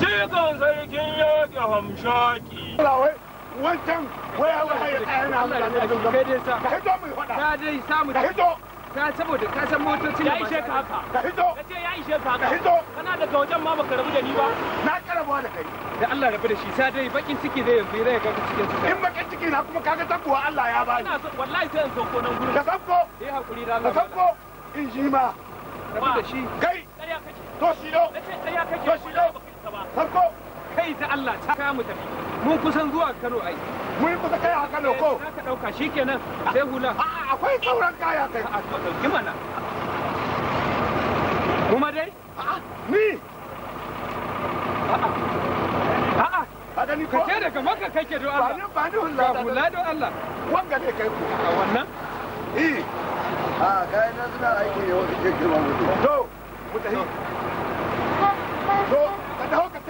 dukan sarkin yaƙi Hamsaki. wancan waya waya ya kaya na mutane sun zama ka hito mai faɗa ka dai samu ka hito ka saboda ka san motocin ya ishe ka haka ka hito ka ce ya ishe ka haka ka hito kana daga wajen ma baka rabu da ni ba na karabuwa da kai da Allah rabu da shi sa dai bakin ciki zai yanzu zai ga cikin ciki in bakin ciki na kuma kaga tabbuwa Allah ya bani wallahi sai in sauko nan gurin ka sauko eh hakuri da Allah ka sauko in shi ma rabu da shi kai to shi do to shi do sauko kai ta Allah ta kama tafi mun kusan zuwa Kano ai mun kusa kai a Kano ko eh, za ka dauka shikenan sai hula a akwai sauran kaya kai a to dauki mana kuma dai a ni a a da ni ko kace daga maka kake do Allah ba ni ba ni hula hula do Allah wanga ne kai ku a wannan eh a kai na suna aiki yau da ke girma mutum to mutahi to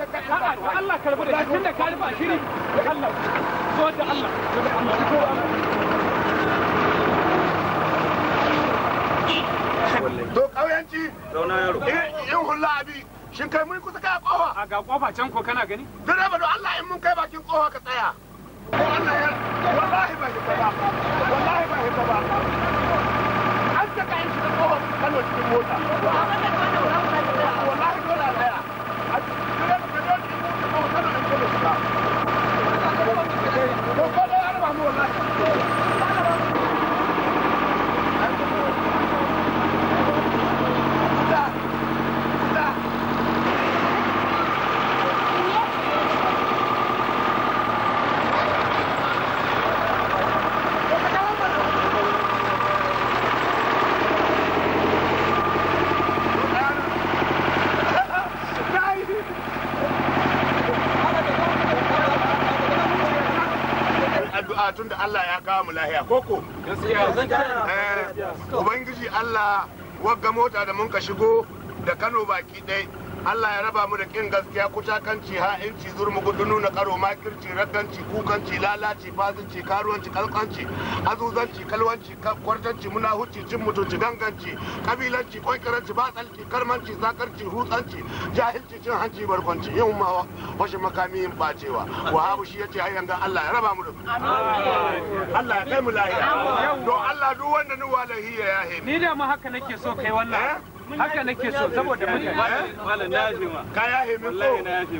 a'a to yin abi shin kai mun kusa kai a kofa a ga kofa can ko kana gani direba don Allah in mun kai bakin kofa ka tsaya wallahi ba hita ba wallahi ba hita ba an yin shi da Kano cikin mota Eh, ubangiji allah wagga mota da mun ka shigo da kano baki ɗaya Allah ya raba mu da kin gaskiya kucakanci ha'inci gudu nuna karo makirci raganci kukanci lalaci fazinci karuwanci kalkanci azuzanci kalwanci kwartanci munahuci cin mutunci ganganci kabilanci kwankiranci batsalci karmanci zakarci hutsanci jahilci cin hanci barkwanci yin ma washe makami yin bacewa wahabu shi yace ai yanga Allah ya raba mu da Allah ya kai mu lahiya don Allah duk wanda ni walahiya ya hemi ni da ma haka nake so kai wannan eh? haka nake so saboda mutane wala na yafe ma ka yafe hemi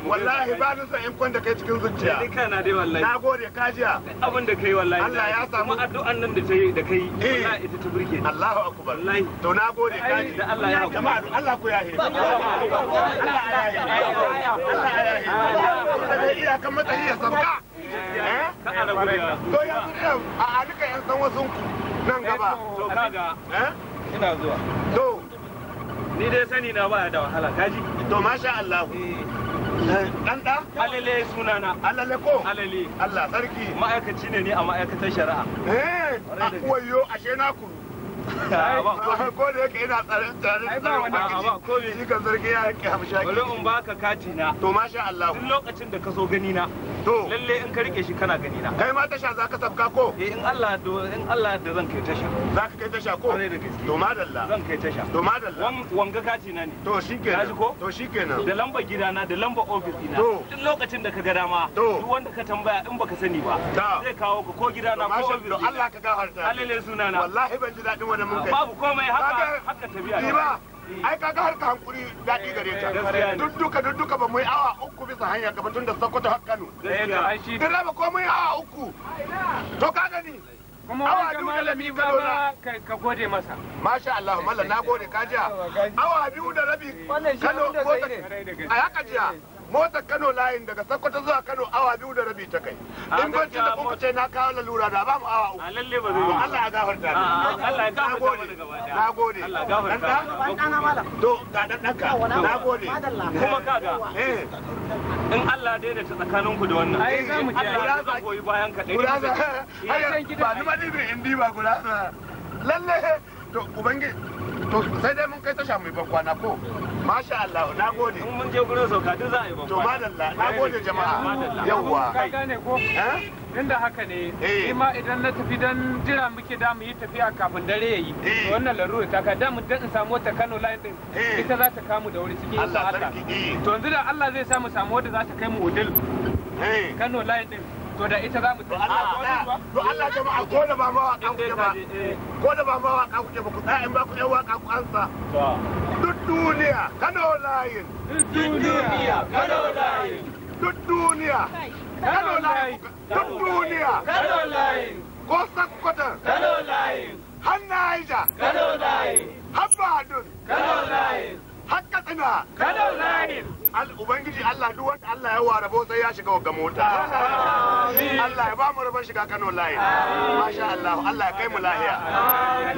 ko wallahi ba ni san in kwanta kai cikin zuciya ni kana dai wallahi na gode kajiya. jiya abin da kai wallahi Allah ya samu addu'an nan da kai da kai wallahi ita ta burge ni Allahu akbar wallahi to na gode ka ji da Allah ya jama'a Allah ku yafe Allah ya yafe Allah ya yafe Allah ya kan matsayi ya sabka ka ana gudewa to yanzu a alika yan san wasu nan gaba to kaga ina zuwa to ni dai sani na ba da wahala kaji to masha Allah eh. dan da alale sunana alale ko alale Allah sarki ma'aikaci ne ni a ma'aikatar shari'a eh ah, wayo ashe na kuru ko da yake ina tsarin tsarin tsarin ubangiji shi kan zargi ya haƙƙi hamshaki Wani in baka kati na to masha Allah duk lokacin da ka zo gani na to lalle in ka rike shi kana gani na kai ma tasha zaka tafka ko eh in Allah do in Allah da zan kai tasha zaka kai tasha ko da to madalla zan kai tasha to madalla wanga kati na ne to shikenan kaji ko to shikenan da lamba gidana da lamba office dina duk lokacin da ka ga dama duk wanda ka tambaya in baka sani ba zai kawo ka ko gidana ko office Allah ka gafarta alele sunana wallahi ban ji dadin da mun kai babu komai haka haka tafiya ne ba ai kaga harka hankuri daɗi gare ta duk duka duk ba mu awa uku bisa hanya gaba tun da sokoto har kano din raba komai awa uku to ka gani kuma wanda malami ba ka gode masa masha Allah mallam na gode ka jiya awa biyu da rabi kano ko a haka jiya motar kano layin daga sokoto zuwa kano awa biyu da rabi ta kai in ban da kuka ce na kawo lalura da ba mu awa uku lalle ba zai yi Allah ya gafarta ni Allah ya gafarta ni na gode Allah ya gafarta ni to ga dan danka na gode kuma kaga eh in Allah da ta tsakanin ku da wannan ai za mu je Allah ya goyi bayan ka dai guraza ba ni ba ni in diba guraza lalle to ubangiji to sai dai mun kai tasha mai bakwana ko masha Allah na gode mun je gurin sauka duk za a yi bakwana to madalla na gode jama'a yawwa ka gane ko inda eh? haka ne eh. ni ma idan na tafi dan jira muke da mu yi tafiya kafin dare ya yi eh. wannan larura ta ka da mu dan in samu wata Kano line din ita za ta kamu da wuri cikin Allah to yanzu da Allah zai samu samu wadda za ta kai mu Odil Kano line din to da ita za mu ah, to Allah jama'a ko da ba mawaka ku ba ko da ba mawaka kuke ba ku tsaya in ba ku yan waka ku ansa duk duniya Kano layin duk duniya Kano layin duk duniya Kano layin duk duniya Kano layin ko sakkwatan Kano layin har Niger Kano layin har Kano layin hakka tsina kada layin al ubangiji Allah duk wanda Allah ya ware sai ya shiga ga mota Allah ya ba mu rabon shiga Kano layin masha Allah Allah ya kai mu lahiya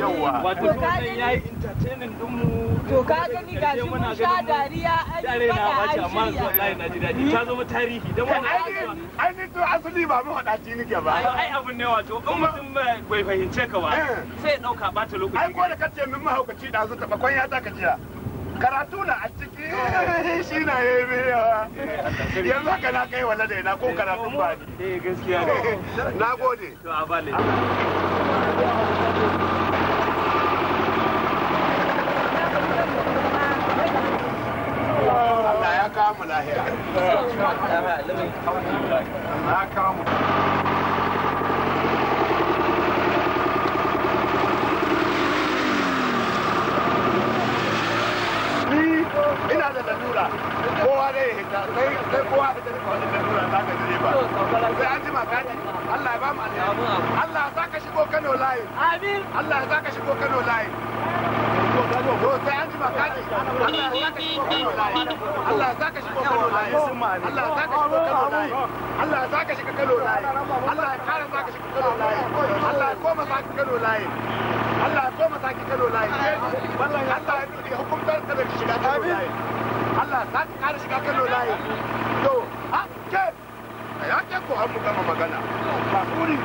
yawa wato sai yayi entertainment din mu to ka gani ga shi mun sha dariya an yi fada an shirya amma zuwa layin na ji daɗi ta zama tarihi dan wannan ai ni to asali ba mu hada ci nike ba ai abun ne wato in mutum bai fahimce ka ba eh. sai ya dauka bata lokaci ai ko da kace min mahaukaci da zu taba kwanya ta ka jiya karatu na a ciki <laughs> shi na ya yi yanzu haka na kai wala da n'a ko karatu ba eh gaskiya <laughs> na gode Allah ya kawo mu lahira. Na <laughs> kawo mu. zai hita sai sai kowa da dare kawai da nuna ta ga dare ba sai an jima ka ji Allah ya ba mu alheri Allah ya saka shigo Kano layi amin Allah ya saka shigo Kano layi ko sai an jima ka ji Allah ya saka shigo Kano layi Allah ya saka shigo Kano layi Allah ya saka shigo Kano layi Allah ya saka shigo Kano layi Allah ya kara saka shigo Kano layi Allah ya koma saka Kano layi Allah ya koma saka Kano layi Allah ya hukumtar da shiga Kano layi Allah za ka ƙara shiga Kano layi. To, ha, ke, a ya ke ko mu gama magana. Ba kuri,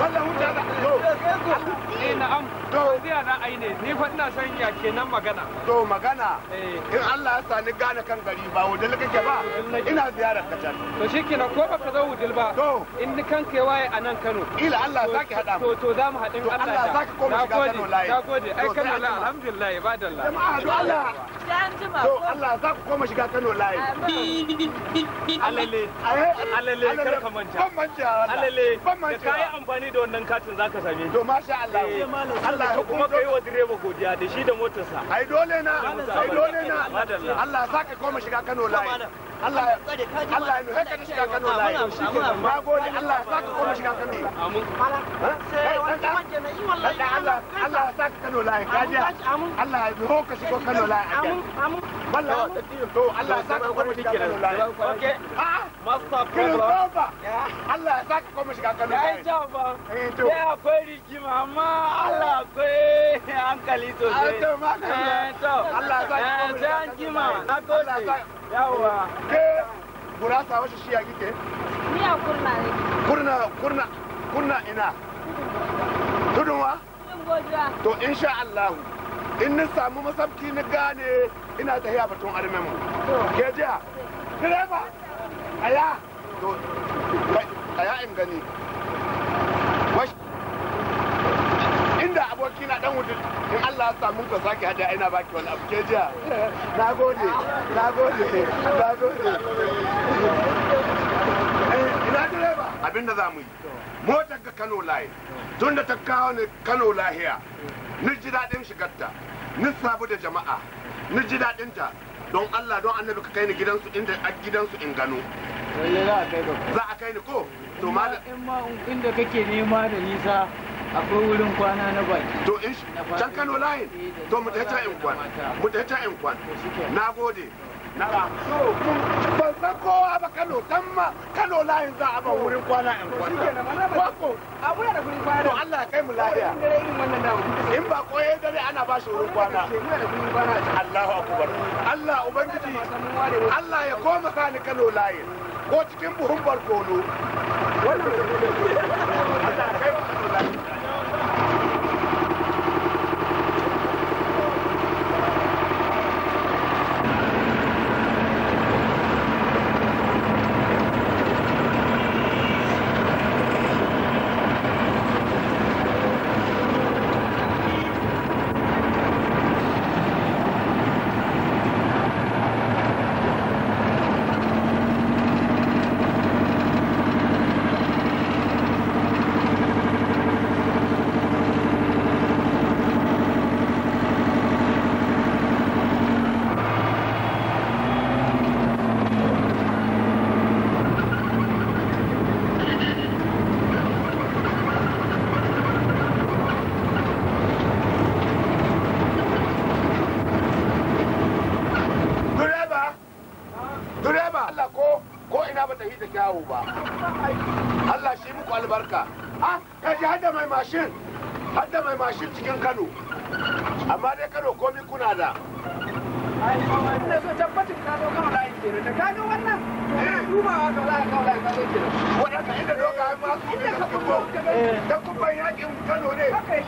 wallan hujja da, to, Allah, eh na'am. to zai ra'ayi ne ni fa ina son ya kenan magana to magana eh. in Allah ya sani gane kan gari ba wudul kake ba ina ziyarar ka can to shikenan ko baka zo wudul ba to in ni kan ya waye a nan Kano ila Allah ya saki hada mu to to za mu haɗin Allah Allah ya saki koma shiga Kano layi nagode ai Kano layi alhamdulillah ibadallah jama'a to Allah da an jima to Allah ya saki koma shiga Kano layi alale alale kar ka manta ban manta alale ban ka yi amfani da wannan katin zaka same to masha Allah eh, Allah ya kuma kai wa direba godiya da shi da motarsa ai dole na ai dole na Allah ya saka koma shiga Kano lai Allah ya gode Allah ya saka kuma shiga Kano amin sai wani manje na yi wallahi Allah Allah ya saka Kano lai ka ji Allah ya nuna ka shiga Kano amin amin wallahi to Allah ya saka kuma shiga Kano okay master Allah ya saka kuma shiga Kano ya jaba eh, ya akwai rigima amma Allah akwai hankali ah, to ma eh, to Allah ya saka kuma eh, shiga Kano lai na gode yawa ke gurasa wasu shiya kike miya kurna ne kurna kurna ina to insha Allah in na samu masabki na gane ina ta tahiya batun mu. ke jiya direba aya aya in gani dan wudu in Allah ya samu ka sake hada ina baki wani abu ke jiya na gode na gode na gode eh, ina direba abin da zamu yi motar ga Kano layi tun da ta kawo ni Kano lahiya ni ji daɗin shigarta ni sabu da jama'a ni ji daɗin ta don Allah don annabi ka kai ni gidansu inda a gidansu in gano za a kai ni ko to ma inda kake nema da nisa akwai wurin kwana na baki to in eh, can kano layin to mu ta in kwan mu ta in kwan na gode na so ban san kowa ba kano dan ma kano layin za a ba wurin kwana in kwan ko a muna da gurin kwana to Allah kai mu lafiya in ba koye dare ana ba shi wurin kwana Allahu akbar Allah ubangiji Allah ya koma sani kano layin ko cikin buhun barkono wannan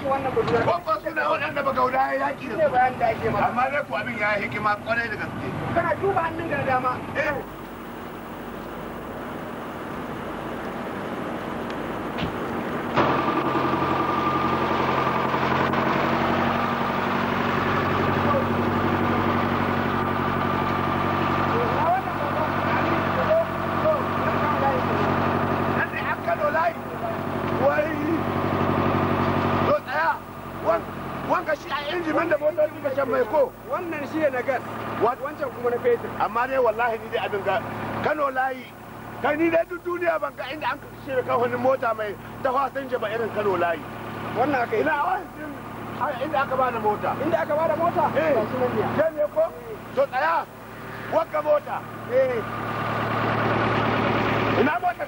Babba suna da ba gauda ya yaki da su. Amma dai ko abin ya hikima kwarai da gaske. Kana duba hannun ga dama. Eh. wallahi ni dai a dinga kano layi kai ni dai duk duniya ban ga inda an ka shirya wani mota mai ta fasin jaba irin kano layi wannan aka yi ina wasin inda aka da mota inda aka bada mota eh ne ko eh. to tsaya wakka mota eh ina mota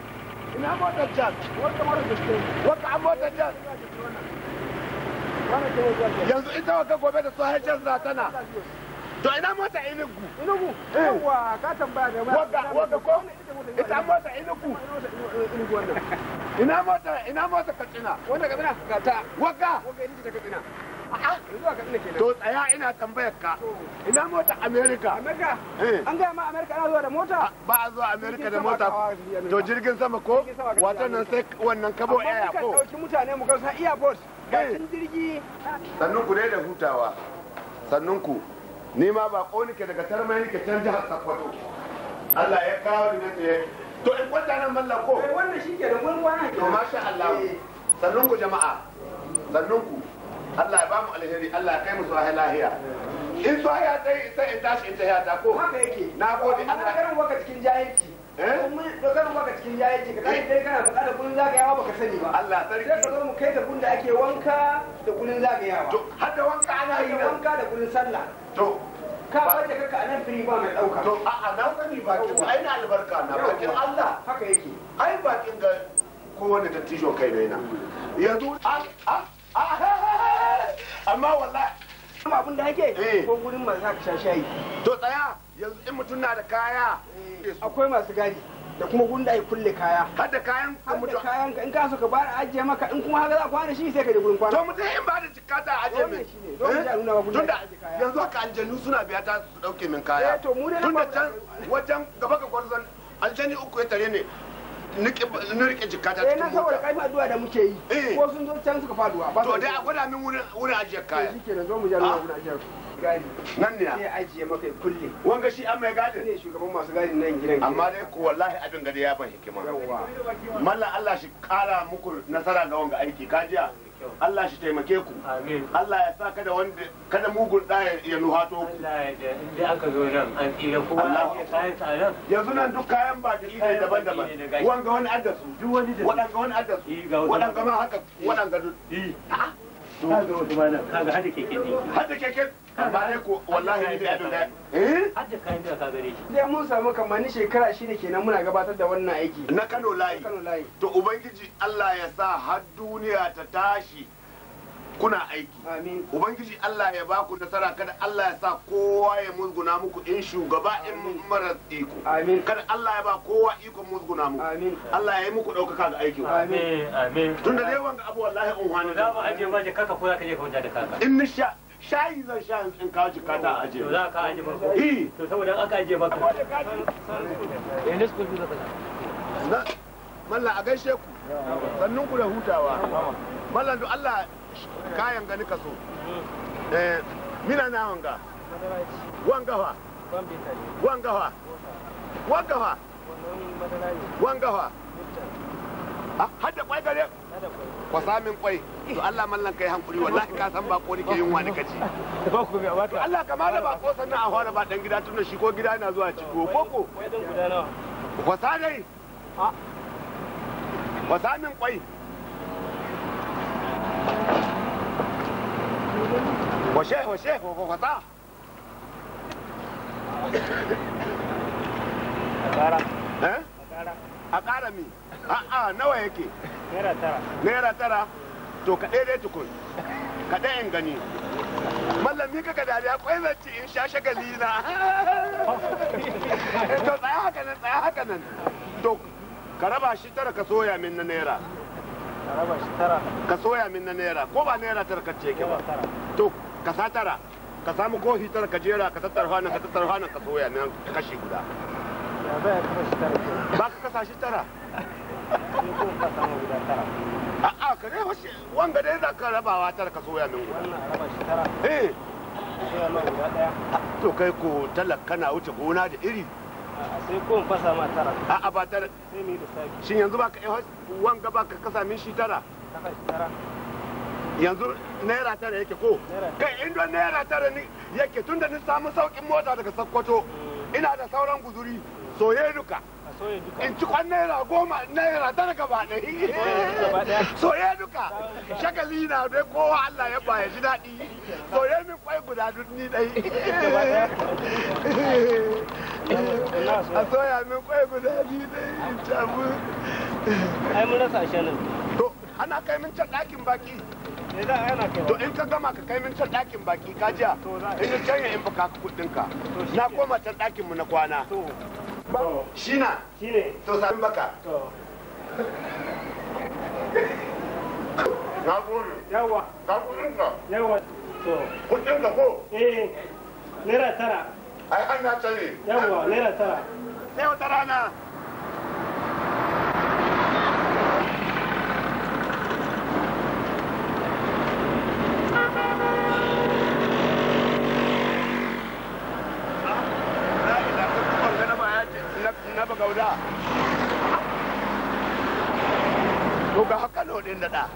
ina mota jan wakka mota gaske wakka an mota jan yanzu ita wakka gobe da sohajen zatana to ina mota eh. ka tambaya da ko ita ina mota ina katsina wanda katsina ta waka To tsaya ina tambayar ka. Ina mota america eh. An gaya ma America ana zuwa da mota? Ba a zuwa America da mota. To jirgin sama ko? Wata nan sai wannan kabo ko? Amma ɗauki airport. Ga eh. jirgi. ku da hutawa. Sannunku. ni ma ba ƙoni ke daga tarmai ke can jihar Sokoto Allah ya kawo ni nace to in kwanta nan mallan ko eh wannan shike da mun kwana to masha Allah eh. sannun ku jama'a sannun ku Allah ya bamu alheri Allah ya kai mu zuwa lahiya in so ya sai in tashi in tahiya ta ko haka yake na gode Allah karin waka cikin jahilci Eh? mun dokar baka cikin jaye ce ka tashi dai eh? kana bukatar gurin zagayawa baka sani ba Allah sarki sai ka zo mu kai da gurin da ake wanka da gurin zagayawa to har da wanka ana yi wanka da gurin sallah to ka bace kaka anan firi ba mai dauka to a a na sani ba ki ai aina albarka na bakin Allah haka yake ai bakin ga kowanne dattijo kai ne na yanzu a a a amma wallahi abin da yake eh. ko gurin manzo ka sha shayi to tsaya yanzu in mutum na da kaya eh. akwai masu gadi da kuma gunda ya kulle kaya har da kayan ka mutu kayan ka in ka so ka bada ajiye maka in kuma haka za kwana shi sai ka je gurin kwana to mutum in ba da jikka ta ajiye min don da nuna yanzu haka aljanu suna biya ta su dauke min kaya eh to mu can wajen gaba ga gwarzon aljani uku ya tare ne nurke jikata eh, cikin mota. Eh na saboda kai faduwa da muke yi. Ko eh. sun zo can suka faduwa. To dai a gwada min wurin wurin ajiyar kaya. Eh, shi kenan zo mu je ah. wurin ajiyar gadi. Nan ne. Sai ajiye maka kulle. Wanga shi an mai gadin. Ne shugaban masu gadin nan gidan. Amma dai ko wallahi abin gadi ya ban hikima. Yawwa. Mallan Allah shi kara muku nasara ga wanga aiki kajiya. Allah shi taimake ku Amin. Allah ya sa kada wanda kada mugun da ya nuhato ku Allah ya da aka zo nan an tsira ko ya kayan sa nan yanzu nan duk kayan ba da ilai daban-daban wanga wani addasu duk wani da wadanga wani addasu wadanga ma haka wadanga duk ga hada keke ne hada keke ba dai ko wallahi ni da eh hada mallaka shi dai mun samu kamanni shekara shi ne kenan muna gabatar da wannan aiki na Kano layi to ubangiji Allah ya sa har duniya ta tashi kuna aiki ubangiji Allah ya ba ku nasara kada Allah ya sa kowa ya musguna muku in shugaba in mara iko kada Allah ya ba kowa ikon musguna muku Allah ya yi muku ɗaukaka ga aikin amin amin tunda dai wanga abu wallahi unhani da ba aje ma je kaka ko za ka je ka da kaka in nisha shayi zan sha in ka jika ta aje to za ka aje ba eh to saboda aka aje ba ka eh ne su zuwa na malla a gaishe ku sannun ku da hutawa mallan to Allah kayan gani ka so eh mina na wanga wanga fa wanga fa wanga fa wanga fa ah, hadda kwai gare hadda kwai kwasa min kwai to Allah mallan kai hankuri wallahi ka san bako nake yin wani kaci ba ku ga baka Allah kamar da bako sannan a fara ba dan gida tun da shi ko gida yana zuwa ci ko ko wai dan guda nawa kwasa dai a kwasa min kwai washe washe ko kwasa a kara eh a kara a kara mi a'a nawa yake naira tara naira tara to ka dai tukun ka dai in gani mallami ka ka dariya kwai zance in sha shagali na <laughs> to tsaya haka nan tsaya haka nan to ka raba shi tara ka soya min na naira ka raba shi tara, ka soya min na naira ko ba naira tara ka ce ke ba to ka sa tara ka samu kofi tara ka jera ka tattara hana ka tattara hana ka soya min kashi guda ba ka kasa shi tara a'a ka dai wasu wanga dai za ka rabawa tara ka soya min guda eh to kai ko talaka na wuce gona da iri sai ko fasa ma tara a'a ba tara sai ni da sabi shin yanzu baka eh, wanga baka kasa min shi tara yanzu naira tara yake ko kai in don naira tara ni yake tunda ni samu saukin mota daga sakkwato mm. ina da sauran guzuri soye duka in ci kwan naira goma naira tara gaba ɗaya soye duka shagali na dai kowa Allah ya baya ji daɗi soye min kwai guda ni ɗai a soya min kwai guda ni ɗai in ci abu ai mun rasa shanin to ana kai min can ɗakin baki to in ka gama ka kai min can ɗakin baki ka jiya in yi canya in baka kuɗin ka na koma can ɗakin mu na kwana shi na to sami baka <laughs> na gode yawa ka kuɗin ka yawa to kuɗin ka ko eh naira tara ai an na tare yawa naira tara sai tara rana to ga hakalo din da da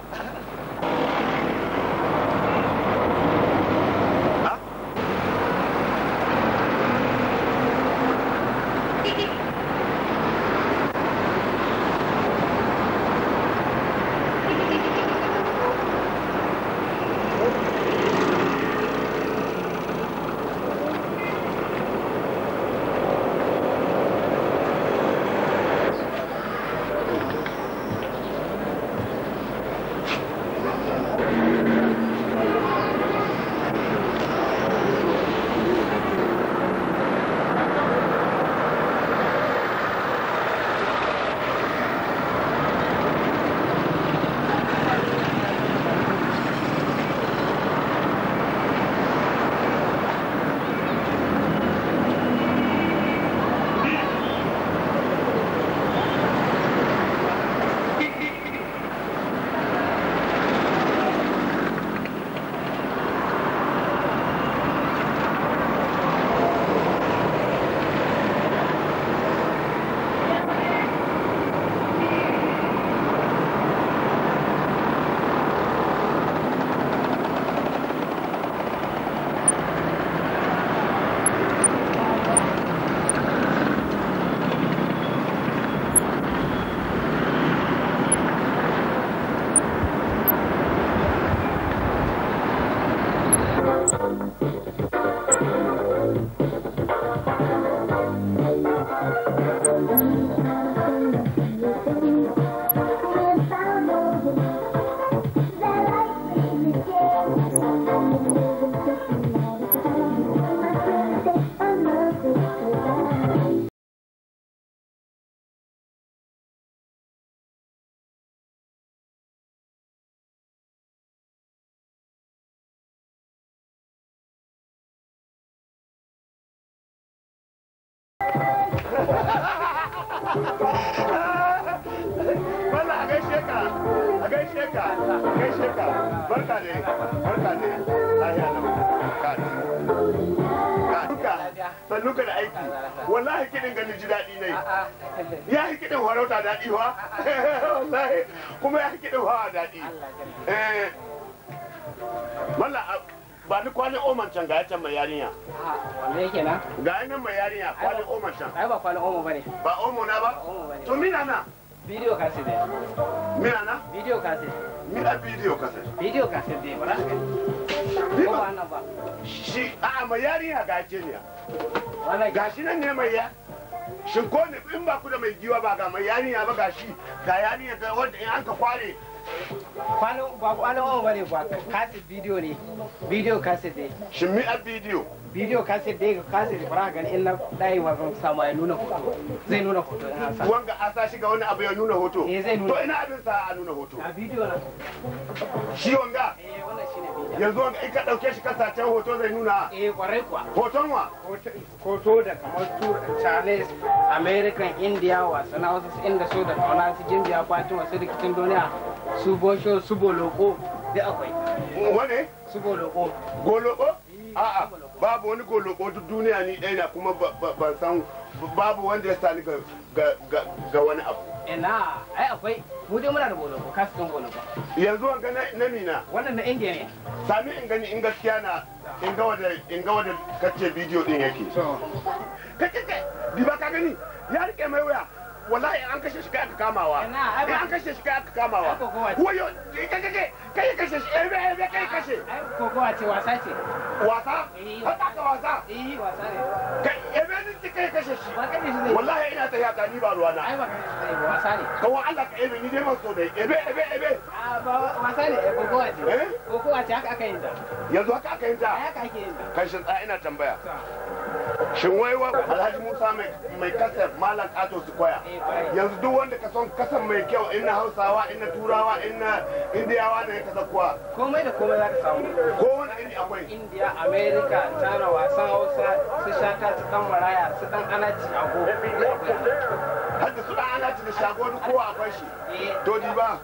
aiki wallahi kiɗin ganin ji daɗi ne ya yi kiɗin farauta daɗi wa <laughs> wallahi kuma ya yi kiɗin hawa daɗi eh. malla ba ni kwanin oman can ga yacan mai yarinya wanda yake na ga yanan mai yarinya kwanin oman can ai ba kwanin omo bane ba omo na ba to mina na bidiyo kase ne mina na bidiyo kase mina video kase Video kase dai ba bima shi a'a mai yarinya ga jeniya ya gashi nan ne mai ya shin ko in ba ku da mai giwa ba ga mai yarinya ba ga shi ga yarinya da wanda in an ka kware kwanan ba kwanan wani bane ba kaset bidiyo ne bidiyo kaset ne shin mi a bidiyo bidiyo kaset dai kaset fara gani in na dai wa ban samu ya nuna hoto zai nuna hoto ina sa wanga a sa shi ga wani abu ya nuna hoto eh zai nuna to ina abin sa a nuna hoto a bidiyo na shi wanga eh wannan shine bidiyo yanzu wanga in ka dauke shi ka sace hoto zai nuna eh kwarai kuwa hoton wa hoto da kamar tour Charles American India wasu na wasu inda so da kauna su gindiya fatima wasu rikicin duniya su bosho su boloko da akwai wane su boloko goloko eh, a'a babu wani goloko duk duniya ni ɗaya na kuma ban san babu wanda ya sani ga wani abu ina ai akwai mu dai muna da goloko kasu kan goloko yanzu an gana na mina wannan na indiya ne sami in gani in gaskiya na in ga wanda in ga wanda kace bidiyo din yake kace ba ka gani ya rike mai waya wallahi an kashe shi kai aka kamawa eh an kashe shi kai aka kamawa wayo kai kai kai kashe shi eh eh kai kashe kokowa ce wasa ce wasa eh. haka ka wasa eh wasa ne kai eh ni kai kashe shi ba kashe shi wallahi ina ta yaka ni ba ruwana ai ba kashe wasa ne ka wa Allah ka ebe ni dai ban so dai ebe ebe ebe a ah, ba wasa ne eh, kokowa ce eh kokowa ce haka aka yin ta yanzu haka aka yin ta haka ake yin ta kai shi ah, ina tambaya shin wai alhaji musa mai kasar malam ato su koya eh. yanzu duk wanda ka son kasan mai kyau ina hausawa ina turawa ina indiyawa ne ka kuwa komai da komai za ka samu ko wani indi akwai indiya america china wasan hausa su shata su dan maraya su dan anaci ago hadda su dan anaci da shago duk kowa akwai shi eh. to di ba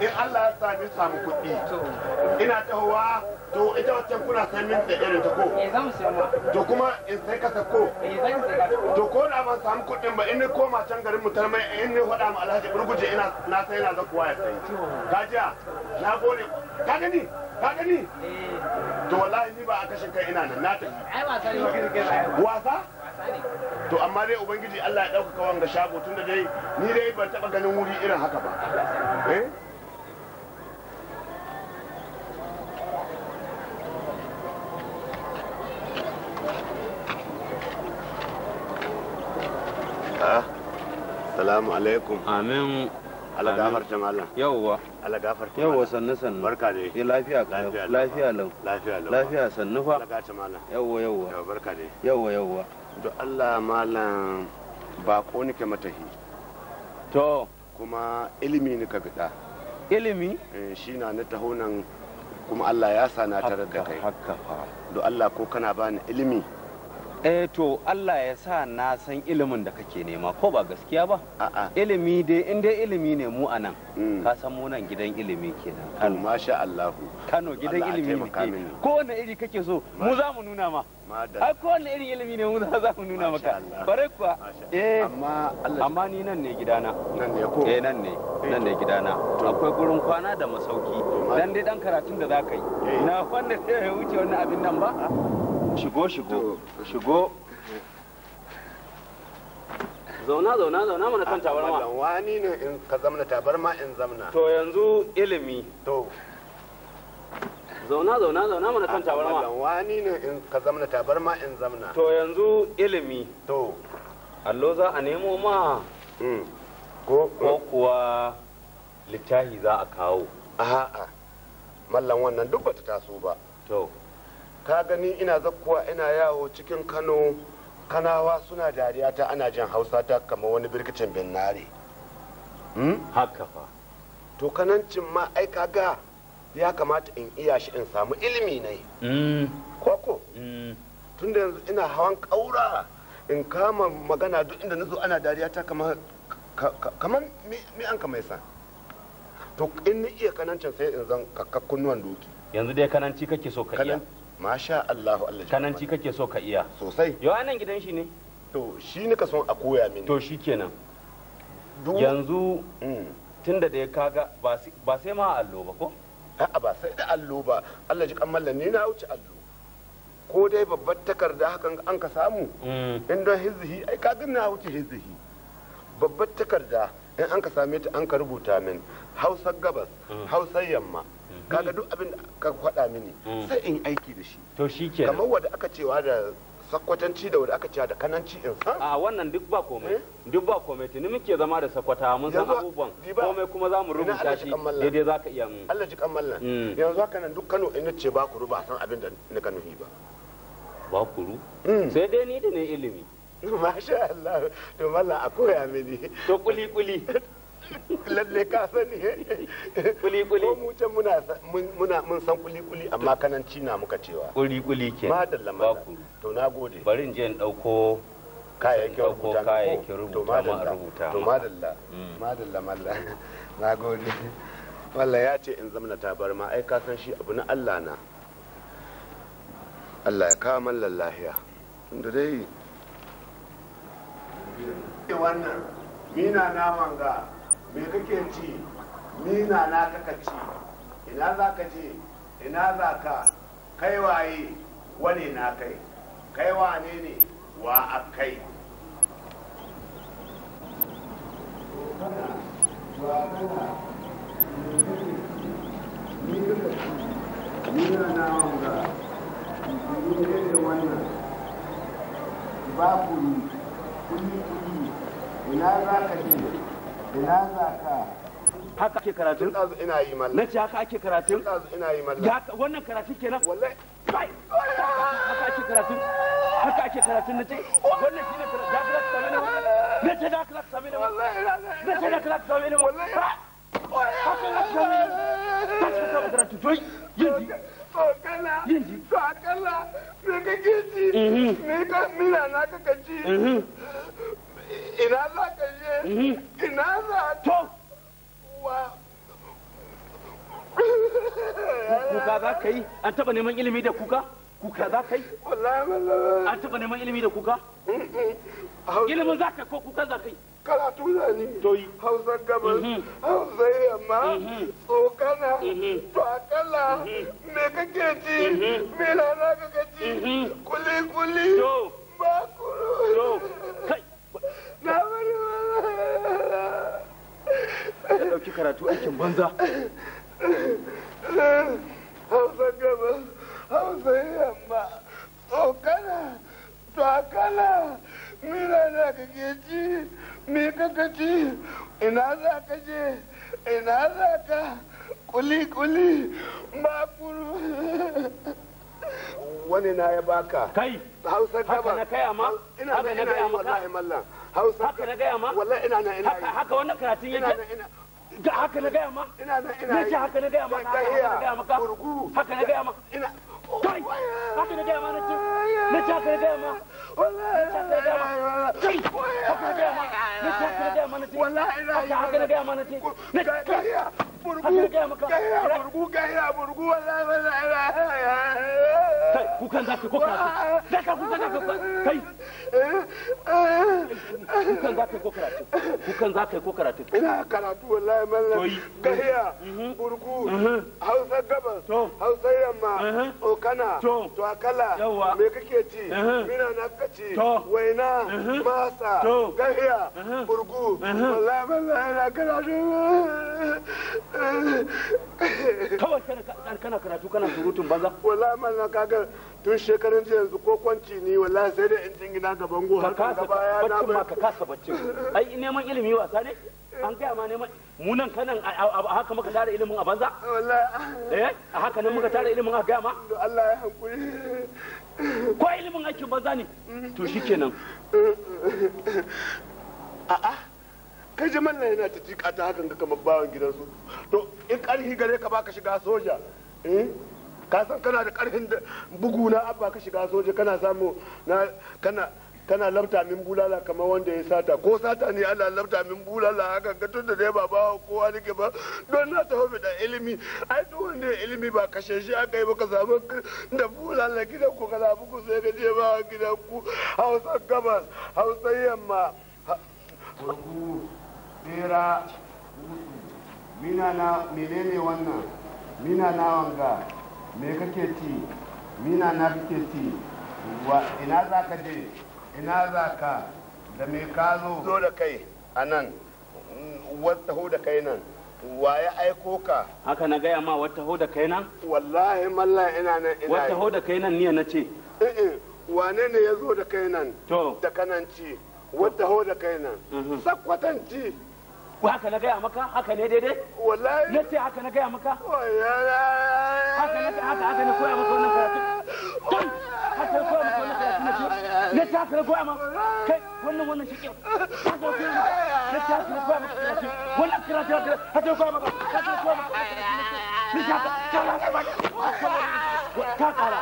in Allah ya sa ni samu kuɗi ina tahowa to ita wacce kuna san min da irin ta ko eh, to kuma in sai eh, ka sako to ko da ban samu kuɗin ba in ni koma can garin mu tarmai in ni faɗa ma Alhaji Burguje ina na sai na zakuwa ya sai kajiya na gode ka gani ka gani eh. to wallahi ni ba a kashin kai ina nan na tafi wasa to amma dai ubangiji Allah ya ɗaukaka wanga shago tunda dai ni dai ban taɓa ganin wuri irin haka ba eh Salamu alaikum. Amin. gafar gafarta mallam. Yawwa. gafar gafarta. Yawwa sannu sannu. Barka dai. Ya eh, lafiya ka lafiya lau. Lafiya lau. Lafiya sannu fa. Allah gafarta mallam. Yawwa yawwa. Yawwa barka dai. Yawwa yawwa. To Allah malam ba ko nake matahi. To kuma ilimi ni ka bida. Ilimi? Eh, shi na na taho nan kuma Allah ya sa na tarar da kai. Hakka fa. Do Allah ko kana bani ilimi. eh to Allah ya sa na san ilimin da kake nema ko ba gaskiya ba a'a ilimi dai in dai ilimi ne mu anan hmm. ka san mu nan gidan ilimi kenan Kano masha Allah Kano gidan ilimi ne ko wani iri kake so mu za mu nuna ma ai kowane irin ilimi ne mu za mu nuna maka bare kuwa eh amma ni nan ne gidana nan ne ko eh nan ne eh. nan ne gidana akwai gurin kwana da masauki dan dai dan karatun da zaka yi eh. na wannan sai <laughs> ya wuce wannan abin nan ba ah. shigo shigo shigo zauna zauna zauna mana kan ah, tabarma wani ne in ka zamna tabarma in zamna to yanzu ilimi to zauna zauna zauna mana kan tabarma wani ne in ka zamna tabarma in zamna to yanzu ilimi to allo za a nemo ma hmm. ko kuwa littahi za a kawo a'a mallan wannan duk bata taso ba to ka gani ina zakkuwa ina yawo cikin kano kanawa suna dariya ta ana jin hausa ta kamar wani birkicin binnare hmm? haka fa to kanancin ma ai ga. ya kamata in iya shi in samu ilimi ne mm. koko mm. tun da yanzu ina hawan ƙaura in kama magana duk inda nazo ana dariya ta kamar mi an kama sa to in ni iya kanancin sai in zan kakkunnuwan doki yanzu dai kananci kake so ka iya masha Allahu Allah kananci kake so ka iya sosai yau anan gidan shi ne to shi ne ka son a koya mini to shi kenan yanzu mm. tunda da ya kaga ba sai ma allo ba ko a'a ba sai da allo ba Allah ji kammala ni na wuce allo ko dai babbar takarda hakan an ka samu mm. in don hizzihi ai ka na wuce hizzihi babbar takarda in an ka same ta an ka rubuta min hausar gabas mm. hausar yamma mm. kaga duk abin da ka faɗa mini sai in aiki da shi to kamar wanda aka cewa da sakwatanci da wanda aka ciya da kananci in a wannan duk ba komai eh? duk ba komai tuni muke zama da sakwata mun san abubuwan komai kuma za mu rubuta shi daidai za ka iya mu Allah ji kammalan mm. yanzu haka nan duk Kano in ce ba ku ruba san abin da ni Kano yi ba ba ru mm. sai dai ni da ne ilimi <laughs> masha Allah to mallan a koya mini to kuli kuli <laughs> lalle ka sani kuli kuli ko mu can muna muna mun san kuli kuli amma kananci na muka cewa kuli kuli ke madalla madalla to gode bari in je in dauko kayayyakin rubuta kayayyakin rubuta ma rubuta to madalla mm. madalla madalla nagode wallahi ya ce in zamna ma. ai ka san shi abu na Allah na Allah ya kawo man lallahiya tunda dai wannan mina na wanga me kake ci nina na kaka ci ina za ka je ina za ka kai waye wane na kai kai wane ne wa a kai nina na wanga da wannan babu kuli kuli ina za ka je ina za ka haka ake karatun ina yi nace haka ake karatun ina yi mallam wannan karatu kenan haka ake karatun haka ake karatun nace wannan shine da ne nace da kira same ne wallahi nace da kira same ne wallahi haka da same ne tashi ka karatu to yanzu tsokala yanzu ne ci ka mina na kake ci ina za ka je mhm. ina za to kuka za ka yi an taba neman ilimi da kuka kuka za ka yi an taba neman ilimi da kuka ilimin za ka ko kuka za ka yi karatu da ni hausa gabas mhm. hausa yamma mhm. tsokana to akalla me kake ci me rana kake ci kuli kuli ɗauki karatu aikin banza hausa gaba hausa yamma tsokana tsokana mina na ka ci me kaka ci ina za ka je ina za ka kuli kuli makuru wani na ya baka kai hausa gaba haka na kai amma haka na kai amma hausa haka na kai amma wallahi ina na ina haka wannan karatun yake ga haka na gaya ma ina nan ina ne haka na gaya ma haka na gaya ma ka haka na gaya ma ina haka na gaya ma na ce haka na gaya ma kukan za ka koka za ina karatu wallahi mallam gahiya burgu hausa gabas hausa yamma okana to akala me kake ci mina na lokaci waina masa gahiya burgu wallahi wallahi na karatu kawai kana karatu kana surutun banza wallahi mallan kaga tun shekarun jiya yanzu ko kwanci ni wallahi sai da injin gina gaban go haka gaba ya na ba ka kasa bacci ai neman ilimi wasa ne an gaya ma neman munan kanan a haka muka tara ilimin a banza eh a haka nan muka tara ilimin a gaya ma Allah ya hankuri ko ilimin aikin banza ne to shi kenan a'a kai ji mallan yana ta jika ta hakan ka kamar bawan gidansu to in karhi gare ka baka shiga soja eh? ka san kana da karhin bugu na abba ka shiga soja kana samu na kana kana labta min bulala kamar wanda ya sata ko sata ne Allah labta min bulala haka ga tunda dai ba ba kowa nake ba don na tafi da ilimi ai duk wanda ilimi ba kashe shi aka yi ba ka samu da bulala gidan ku ka zabi ku sai ka je ba gidan ku Hausa gabas Hausa yamma Burgu, Bera, Mina na menene wannan? Mina na wanga, me kake ci? Mina na kake ci? Ina za ka je? ina za ka da mai ka zo da kai a nan wata da kai nan wa ya aiko ka haka na gaya ma wata ho da kai nan wallahi mallan ina nan ina wata ho da kai nan niya na ce eh, eh. wane ne ya zo da kai nan to da kananci wata da kai nan mhm. sakwatanci ko haka na gaya maka haka ne daidai wallahi na ce haka na gaya maka haka na haka haka na koya maka wannan karatu don haka na koya maka wannan karatu na ce na ce haka na koya maka kai wannan wannan shi kyau na ce haka na koya maka karatu wannan karatu haka koya maka haka koya maka na ce haka ka kara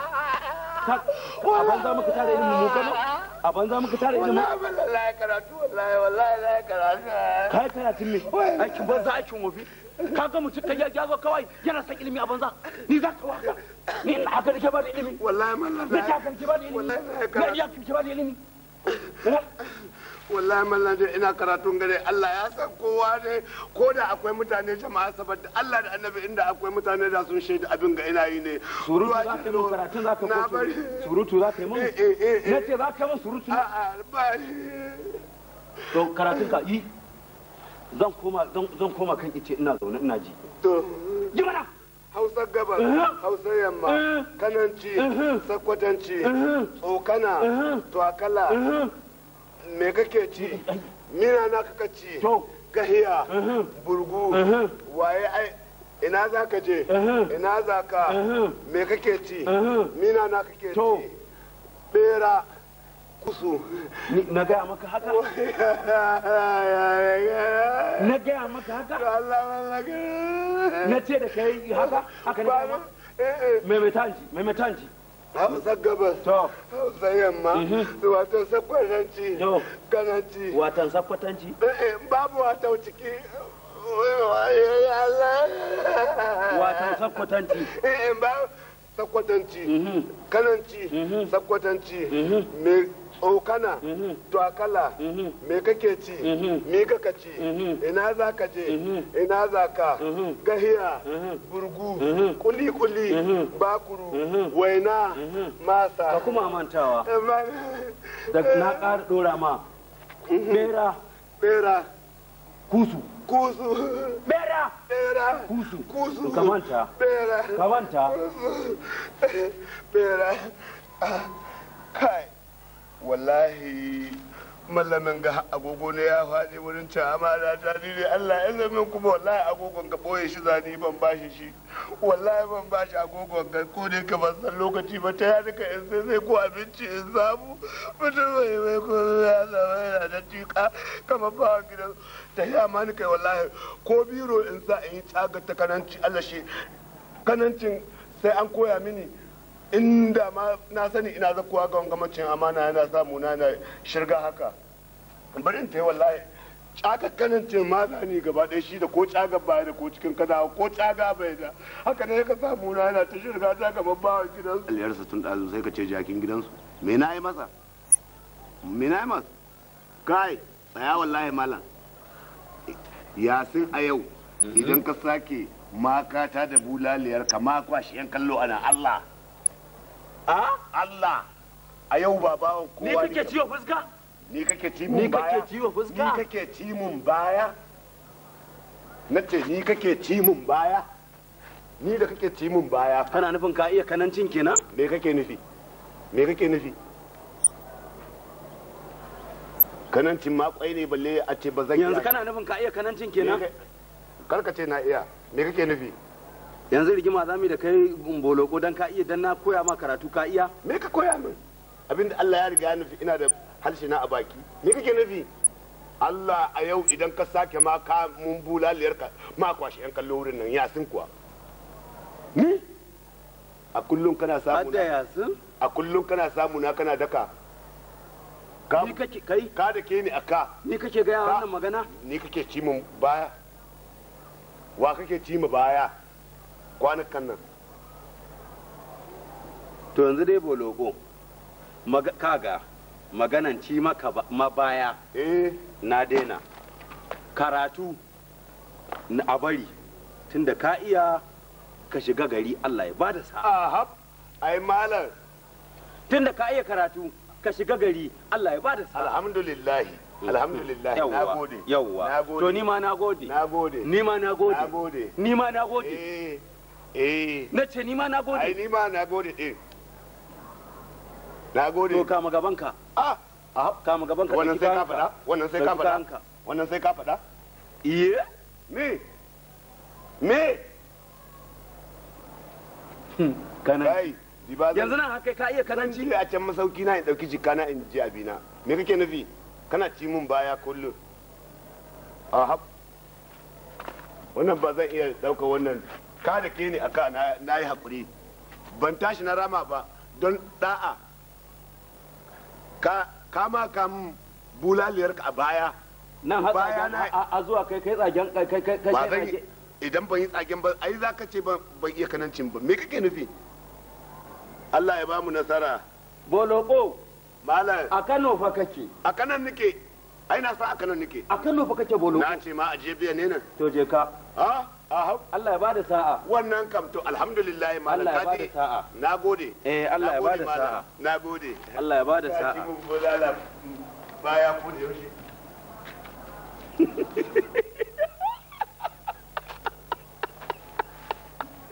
ka banza maka tare ilimin mu kana a banza muka tare ilimin wallahi wallahi karatu wallahi wallahi karatu kai karatun me aikin banza aikin wofi ka mutum ya kawai yana ilimi a banza ni za ka waka ni na haka nake ba da ilimi wallahi na ta kan ki ba da ilimi na ya ki ba da ilimi <laughs> wallahi mallan ina karatun gare Allah ya san kowa ne ko da akwai mutane jama'a saboda Allah da annabi inda akwai mutane da sun shaida abin ga ina yi ne surutu za ka yi karatu za ka ko surutu za ka yi mun eh, eh, eh, na ce za ka yi surutu a'a ba to karatun ka yi zan koma zan koma kan ice ina zaune ina ji to ji mana hausa Gabar! hausa yamma kananci sakwatanci tsokana twakala me kake ci mina na kaka ci gahiya burgu waye ai ina za ka je ina za ka me kake ci mina na kake ci bera kusu na gaya maka haka <laughs> na gaya maka haka na ce da kai haka haka ne eh, eh. maimaita ji me ji hausa gabas hausa yamma mhm. wato sakwatanci gananci watan sakwatanci eh, eh, babu wata ciki watan sakwatanci eh, sakwatanci mhm. kananci mhm. sakwatanci tsokana oh, mm-hmm. twakala mm-hmm. me kake ci mm-hmm. me kaka ci ina za ka je ina za ka gahiya burgu kuli kuli bakuru waina masa ka kuma mantawa eh, da <laughs> eh. na kar dora ma bera bera kusu kusu bera bera kusu kusu ka manta bera ka manta bera <laughs> ah, kai wallahi mallamin ga agogo ne ya faɗi wurin can amma ta ni ne Allah ya zama kuma wallahi agogon ga boye shi zani ban bashi shi wallahi ban bashi agogon ga ko ne ka ban san lokaci ba ta yadda ka sai sai ko abinci in samu mutum mai mai ko ya zama yana da tuka kama ba gidan ta yi amani kai wallahi ko biro in za a yi tsagar ta kananci Allah shi kanancin sai an koya mini inda ma na sani ina zakuwa ga gamacin amana yana samu na na shirga haka barin ta yi wallahi cakakkanin cin magani gaba ɗaya shi da ko caga baya da ko cikin kada ko caga bai da haka ne ka samu na yana ta shirga ta gaba bawa gidansu aliyarsa tun ɗazu sai ka ce jakin gidansu me na yi masa me na yi masa kai tsaya wallahi malam yasin a yau mm-hmm. idan ka sake makata da bulaliyar ka kwashi yan kallo ana allah a Allah a yau ba bawan kowa ni kake ciwo fuska ni kake ci mun baya ni kake ciwo fuska ni kake ci mun baya nace ni kake ci mun baya ni da kake ci mun baya kana nufin ka iya kanancin kenan me kake nufi me kake nufi kanancin ma kwai ne balle a ce ba zan yanzu kana nufin ka iya kanancin kenan karka ce na iya me kake nufi yanzu rigima za mu da kai boloko dan ka iya dan na koya ma karatu ka iya me ka koya min abinda Allah ya riga ya nufi ina da harshe na a baki me kake nufi Allah a yau idan ka sake ma ka mun liyar ka ma kwashi yan kallo wurin nan yasin kuwa ni a kullum kana samu na yasin a kullum kana samu na kana daka ka ni kake kai ka da ke ni aka ni kake ga wannan magana ni kake ci mun baya wa kake ci mu baya kwanukan nan to yanzu dai boloko kaga maganan ci maka mabaya eh. na daina karatu na a bari tunda ka iya ka shiga gari Allah ya bada sa ahab ai malam tunda ka iya karatu ka shiga gari Allah ya da sa'a alhamdulillah alhamdulillah na gode yawwa to ni ma na gode na gode ni ma na gode ni ma na gode eh. eh na ce ni na gode ai na gode din eh. na gode to kama gaban ka ah ah gaban ka wannan sai ka faɗa wannan sai ka faɗa wannan sai ka iye me me hmm, kana kai yanzu nan haka ka iya kananci ne a can masauki na in dauki jikka na in ji abina me kake nufi kana ci mun baya kullum wannan ba zan iya ɗauka wannan ka da ke ne aka na yi haƙuri ban tashi na rama ba don da'a ka ma kam bulaliyar a baya nan hatsa a zuwa kai kai tsagen kai kai kai kai idan ban yi tsagen ba ai za ka ce ban iya kanancin ba me kake nufi Allah ya ba mu nasara boloko malam a Kano fa kake a kanan nake ai na sa a Kano nake a Kano fa kake boloko na ce ma a jebiya ne nan to je ka ha Allah ya bada sa'a wannan kam to alhamdulillah malam Allah ya bada sa'a nagode eh Allah ya bada sa'a nagode Allah ya bada sa'a baya kuɗe yaushe <laughs>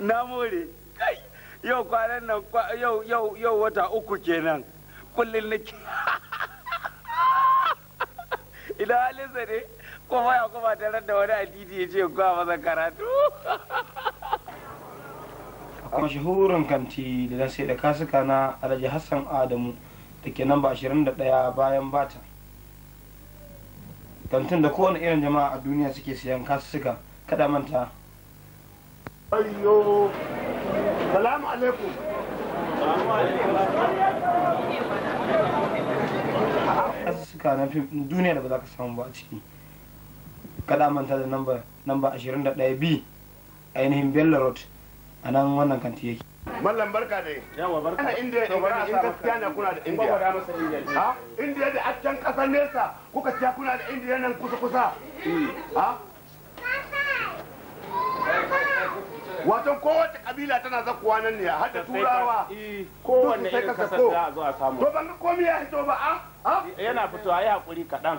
na more kai yau kwanan nan yau yau yau wata uku kenan Kullun nake <laughs> ila halin sa ne kuma ya kuma tarar da wani addini ya ce kuwa masa karatu A mashahurin kanti da na sai da kasuka na alhaji hassan adamu da ke nan ba 21 bayan bata kantin da kowane irin jama'a a duniya suke siyan kasuka kada manta salamu alaikum kasuka na duniya da ba za ka samu ba a ciki kada manta da namba namba 21B ainihin bella Road a nan wannan kanti yake Mallam barka dai. Yawa barka. Ana indiya in gani in gaskiya na kuna da indiya. Gwada masa indiya. Ha? Indiya da accan kasar nesa kuka ciya kuna da indiya nan kusa kusa. Hmm. Ha? Wato kowace kabila tana zakuwa nan ne har da turawa. Kowanne irin kasar da a a samu. To ban ga komai ya hito ba a? Yana fitowa ya hakuri kaɗan.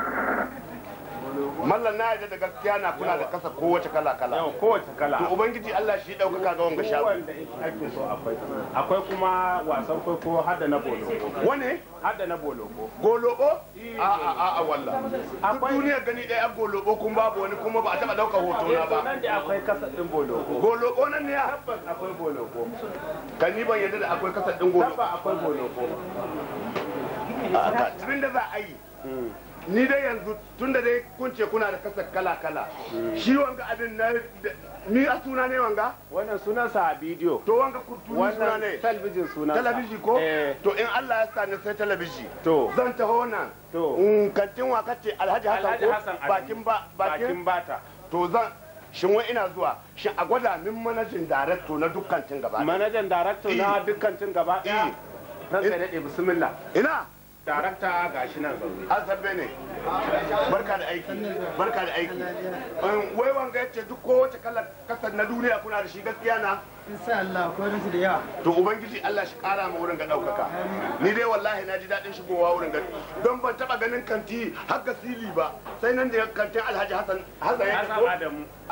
mallan na yadda da gaskiya na kula da kasa kowace kala kala yau kowace kala to ubangiji Allah shi daukaka ga wanga shago wanda so akwai akwai kuma wasan kwaikwayo har da na bolo wane har da na bolo goloko eh. a a a a wallah akwai duniya gani dai a goloko kun babu wani kuma ba a taba dauka hoto na ba eh, nan da akwai kasa din boloko goloko nan ne akwai boloko kan ni ban yadda da akwai kasa din goloko tabbas akwai boloko abin da za a yi hmm. ni dai yanzu da dai kun ce kuna da kasa kala kala hmm. shi wanga abin na ni a suna ne wanga wannan sunan sa a bidiyo to wanga kurtuni suna ne talabijin suna talabiji ko eh. to in Allah ya sa sai talabiji to zan taho nan to in mm, kantin waka ce Alhaji hasan ko bakin ba bakin bata to zan shin wai ina zuwa shin a gwada min manajan director na dukkan tin gaba manajan director na dukkan tin gaba ɗaya eh. eh. ran sai bismillah ina darakta ga shi nan zaune an sabbe ne barka da aiki barka da aiki um, wai wanga yace duk kowace kalar kasar na duniya kuna da shi gaskiya na insha Allah ko da yawa to ubangiji Allah shi kara ma wurin ga daukaka ni dai wallahi na ji dadin shigowa wurin ga don ban taba ganin kanti har sili ba sai nan da kantin Alhaji Hassan Hassan ya ko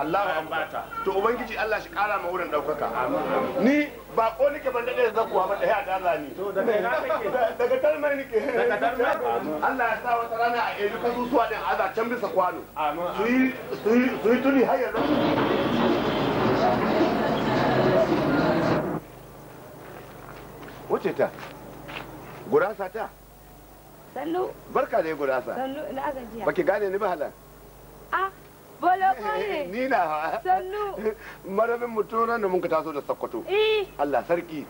Allahu ambata to ubangiji Allah shi kara ma wurin daukaka ni ba ko nake ban dade zakuwa ba dai a dala ni to daga ina kake daga talmai nake daga talmai Allah ya sa wata rana a edu kasusuwa din aza can bisa kwano su yi su yi tuni har yanzu Wace ta? Gurasa ta? Sallu. Barka dai gurasa. Sallu ina gajiya. Baki gane ni ba halan. a ah, bolo kare. <laughs> Ni na ha. Sallu. <laughs> Marabin mutunan da mun ka taso da sakkwato Eh. Allah sarki.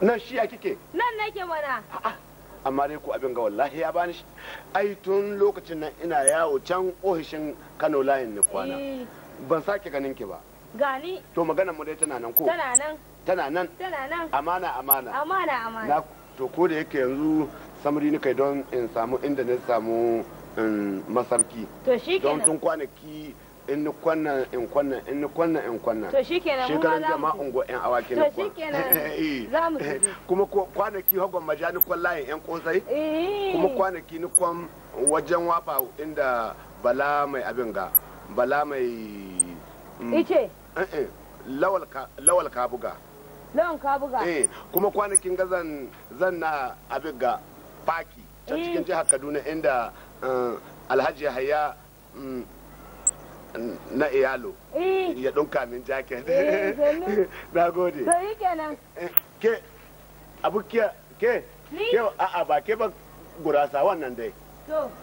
Nan shi shiya kike? Nan nake mana. amma dai ko abin ga wallahi ya bani ai tun lokacin nan ina yawo can ohishin Kano layin ne kwana eh. ban sake ganin ki ba gani to magana mu dai tana nan ko tana nan tana nan tana nan amana amana amana amana to ko da yake yanzu samari ni kai don in samu inda ne samu um, masarki to shi don tun kwanaki in ni kwanna in kwanna in ni kwanna in kwanna to shikenan mu ma ungo yan awaki ne to shikenan za mu <laughs> eh. kuma kwanaki hagon majani kwallaye yan kosai eh. kuma kwanaki ni kwan wajen wafa inda bala mai abin ga bala mai Mm. ice eh, eh, lawal ka buga lawan ka buga eh kuma kwanakin ga zan zan na abiga ga faki can eh. cikin jihar kaduna inda alhaji haya mm, na iyalo ya dunka min jacket <laughs> na gode to yi kenan ke abukiya ke ke ke a ba ke ba gurasa wannan dai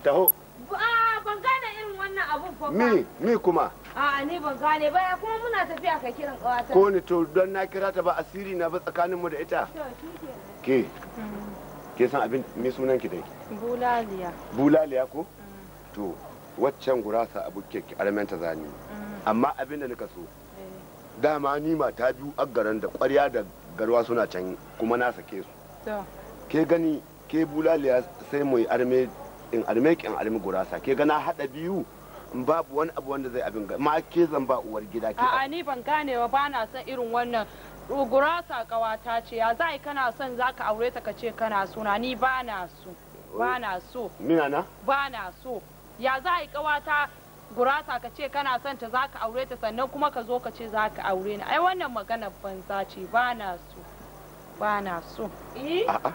taho ah, ban ga wannan abun ko mi mi kuma a'a ni ban gane ba kuma muna tafiya ka kiran kawata ko ni to don na kira ta ba asiri na ba tsakanin mu da ita ke ke san abin me sunan ki dai bulaliya bulaliya ko mm. to waccan gurasa abu ke armenta zani mm. amma abin da nika so eh. dama ni mata biyu aggaran da kwarya da garwa suna can kuma na sake su ke gani ke bulaliya sai mu yi arme in arme ki in arme gurasa ke gana hada biyu babu wani abu wanda zai abin ga ma ke zan ba uwar gida ke a ni ban gane ba ba na son irin wannan gurasa kawata ce ya zai kana son zaka aure ta kace kana suna ni ba na so ba na so mina na ba na so ya zai kawata gurasa ka ce kana son ta zaka aure ta sannan kuma ka zo ka ce zaka aure ni ai wannan magana banza ce ba na so ba na so eh a'a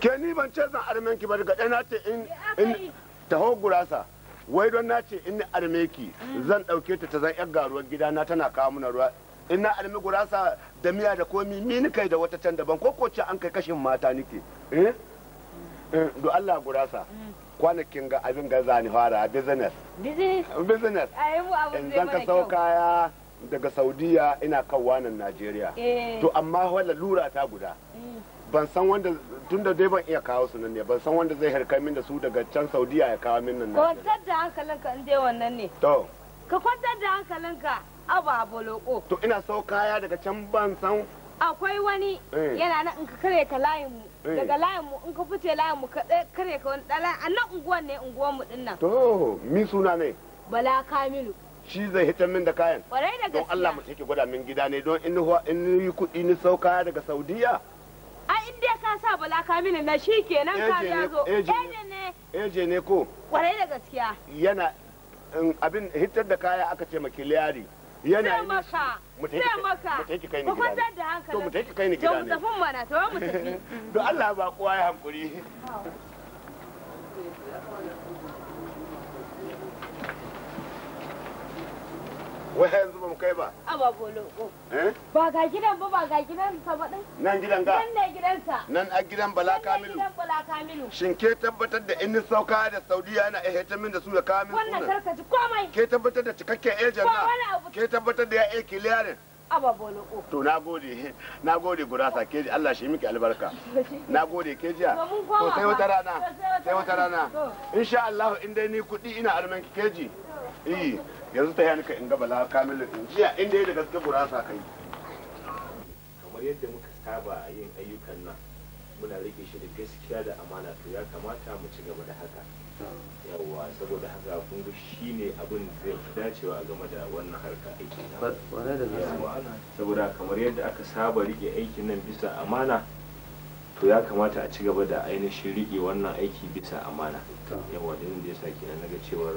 ke ni ban ce zan armenki ba daga ɗaya na ce in taho gurasa wai don na ce in arme ki mm. zan dauke ta ta zan yar garuwar gidana tana kawo mana ruwa in na arme gurasa da miya da komi mini kai da wata can daban ko ko ce an kai kashin mata nike eh? eh do Allah gurasa mm. kwanakin ga abin ga zani fara business business in zan ka sau kaya daga saudiya ina kan nan najeriya eh. to amma wala lura ta guda mm. ban san wanda tun da dai ban iya kawo su nan ne ban san wanda zai harkar min da su daga can saudiya ya kawo min nan kwantar da hankalinka in dai wannan ne to ka kwantar da hankalinka aba boloko to ina so kaya daga can ban san akwai wani eh. yana nan in ka kare ka layin mu eh. daga layin mu in ka fice layin mu ka kare ka wani dala a nan unguwan ne unguwan mu din nan to mi suna ne bala kamilu shi zai hita min da kayan kwarai da gaskiya don Allah mu take gwada min gida ne don in ni kuɗi ni sau kaya daga saudiya A in ka sa bala kamilin na shi kenan ka ya zo eje ne ne ko kwarai da gaskiya yana abin hitar da kaya aka ce makiliyari yana yi maka sai maka ba kwantar da hankali to mu tafi kai ni gida ne to mu tafi mana to mu tafi don <laughs> Allah ba kowa ya hankuri wai yanzu ba mu kai ba a ba bolo eh? ba ga gidan ba ba ga gidan sa ba din nan gidan ga nan ne gidansa nan a gidan bala kamilu gidan bala kamilu shin ke tabbatar da in sauka da saudiya na eheta min da su da kamin wannan karka komai ke tabbatar da cikakken ejen na ke tabbatar da ya e kiliyarin aba bolo ko to nagode <laughs> nagode gurasa keji Allah shi miki albarka <laughs> nagode kejiya to sai wata rana sai wata rana insha Allah in dai ni kudi ina almanki keji iyi. yanzu ta yanka in ga bala kamilu in jiya inda ya da gaske gurasa kai kamar yadda muka saba yin ayyukan nan muna rike shi da gaskiya da amana to ya kamata mu ci gaba da haka yawa saboda haka kun ga shine abin zai fi dacewa game da wannan harka aiki saboda kamar yadda aka saba rike aikin nan bisa amana to ya kamata a ci gaba da ainihin rike wannan aiki bisa amana yawa da ya yasa kenan naga cewar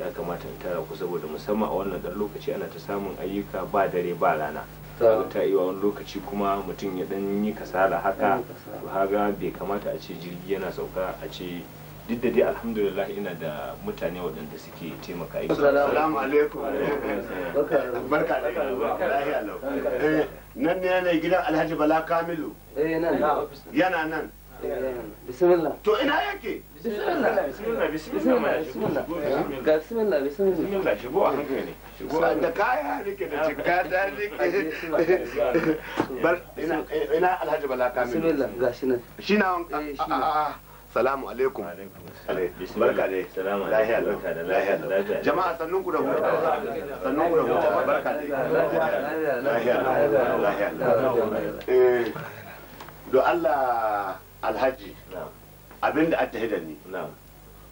ya kamata in tara ku saboda musamman a wannan dan lokaci ana ta samun ayyuka ba dare ba rana ta yi wa wani lokaci kuma mutum ya dan yi kasala haka to haga bai kamata a ce jirgi yana sauka a ce duk da dai alhamdulillah ina da mutane waɗanda suke taimaka aiki assalamu alaikum barka da eh, nan ne ne gidan alhaji bala kamilu eh, eh, yana nan bismillah to ina yake bismillah da kaya da alhaji eh, ah, ah, ah. salamu alaikum barka dai lahiya lahiya jama'a sannun da huta sannun da huta barka dai lahiya lahiya lahiya eh, do Allah alhaji na'am abin da attahi da ni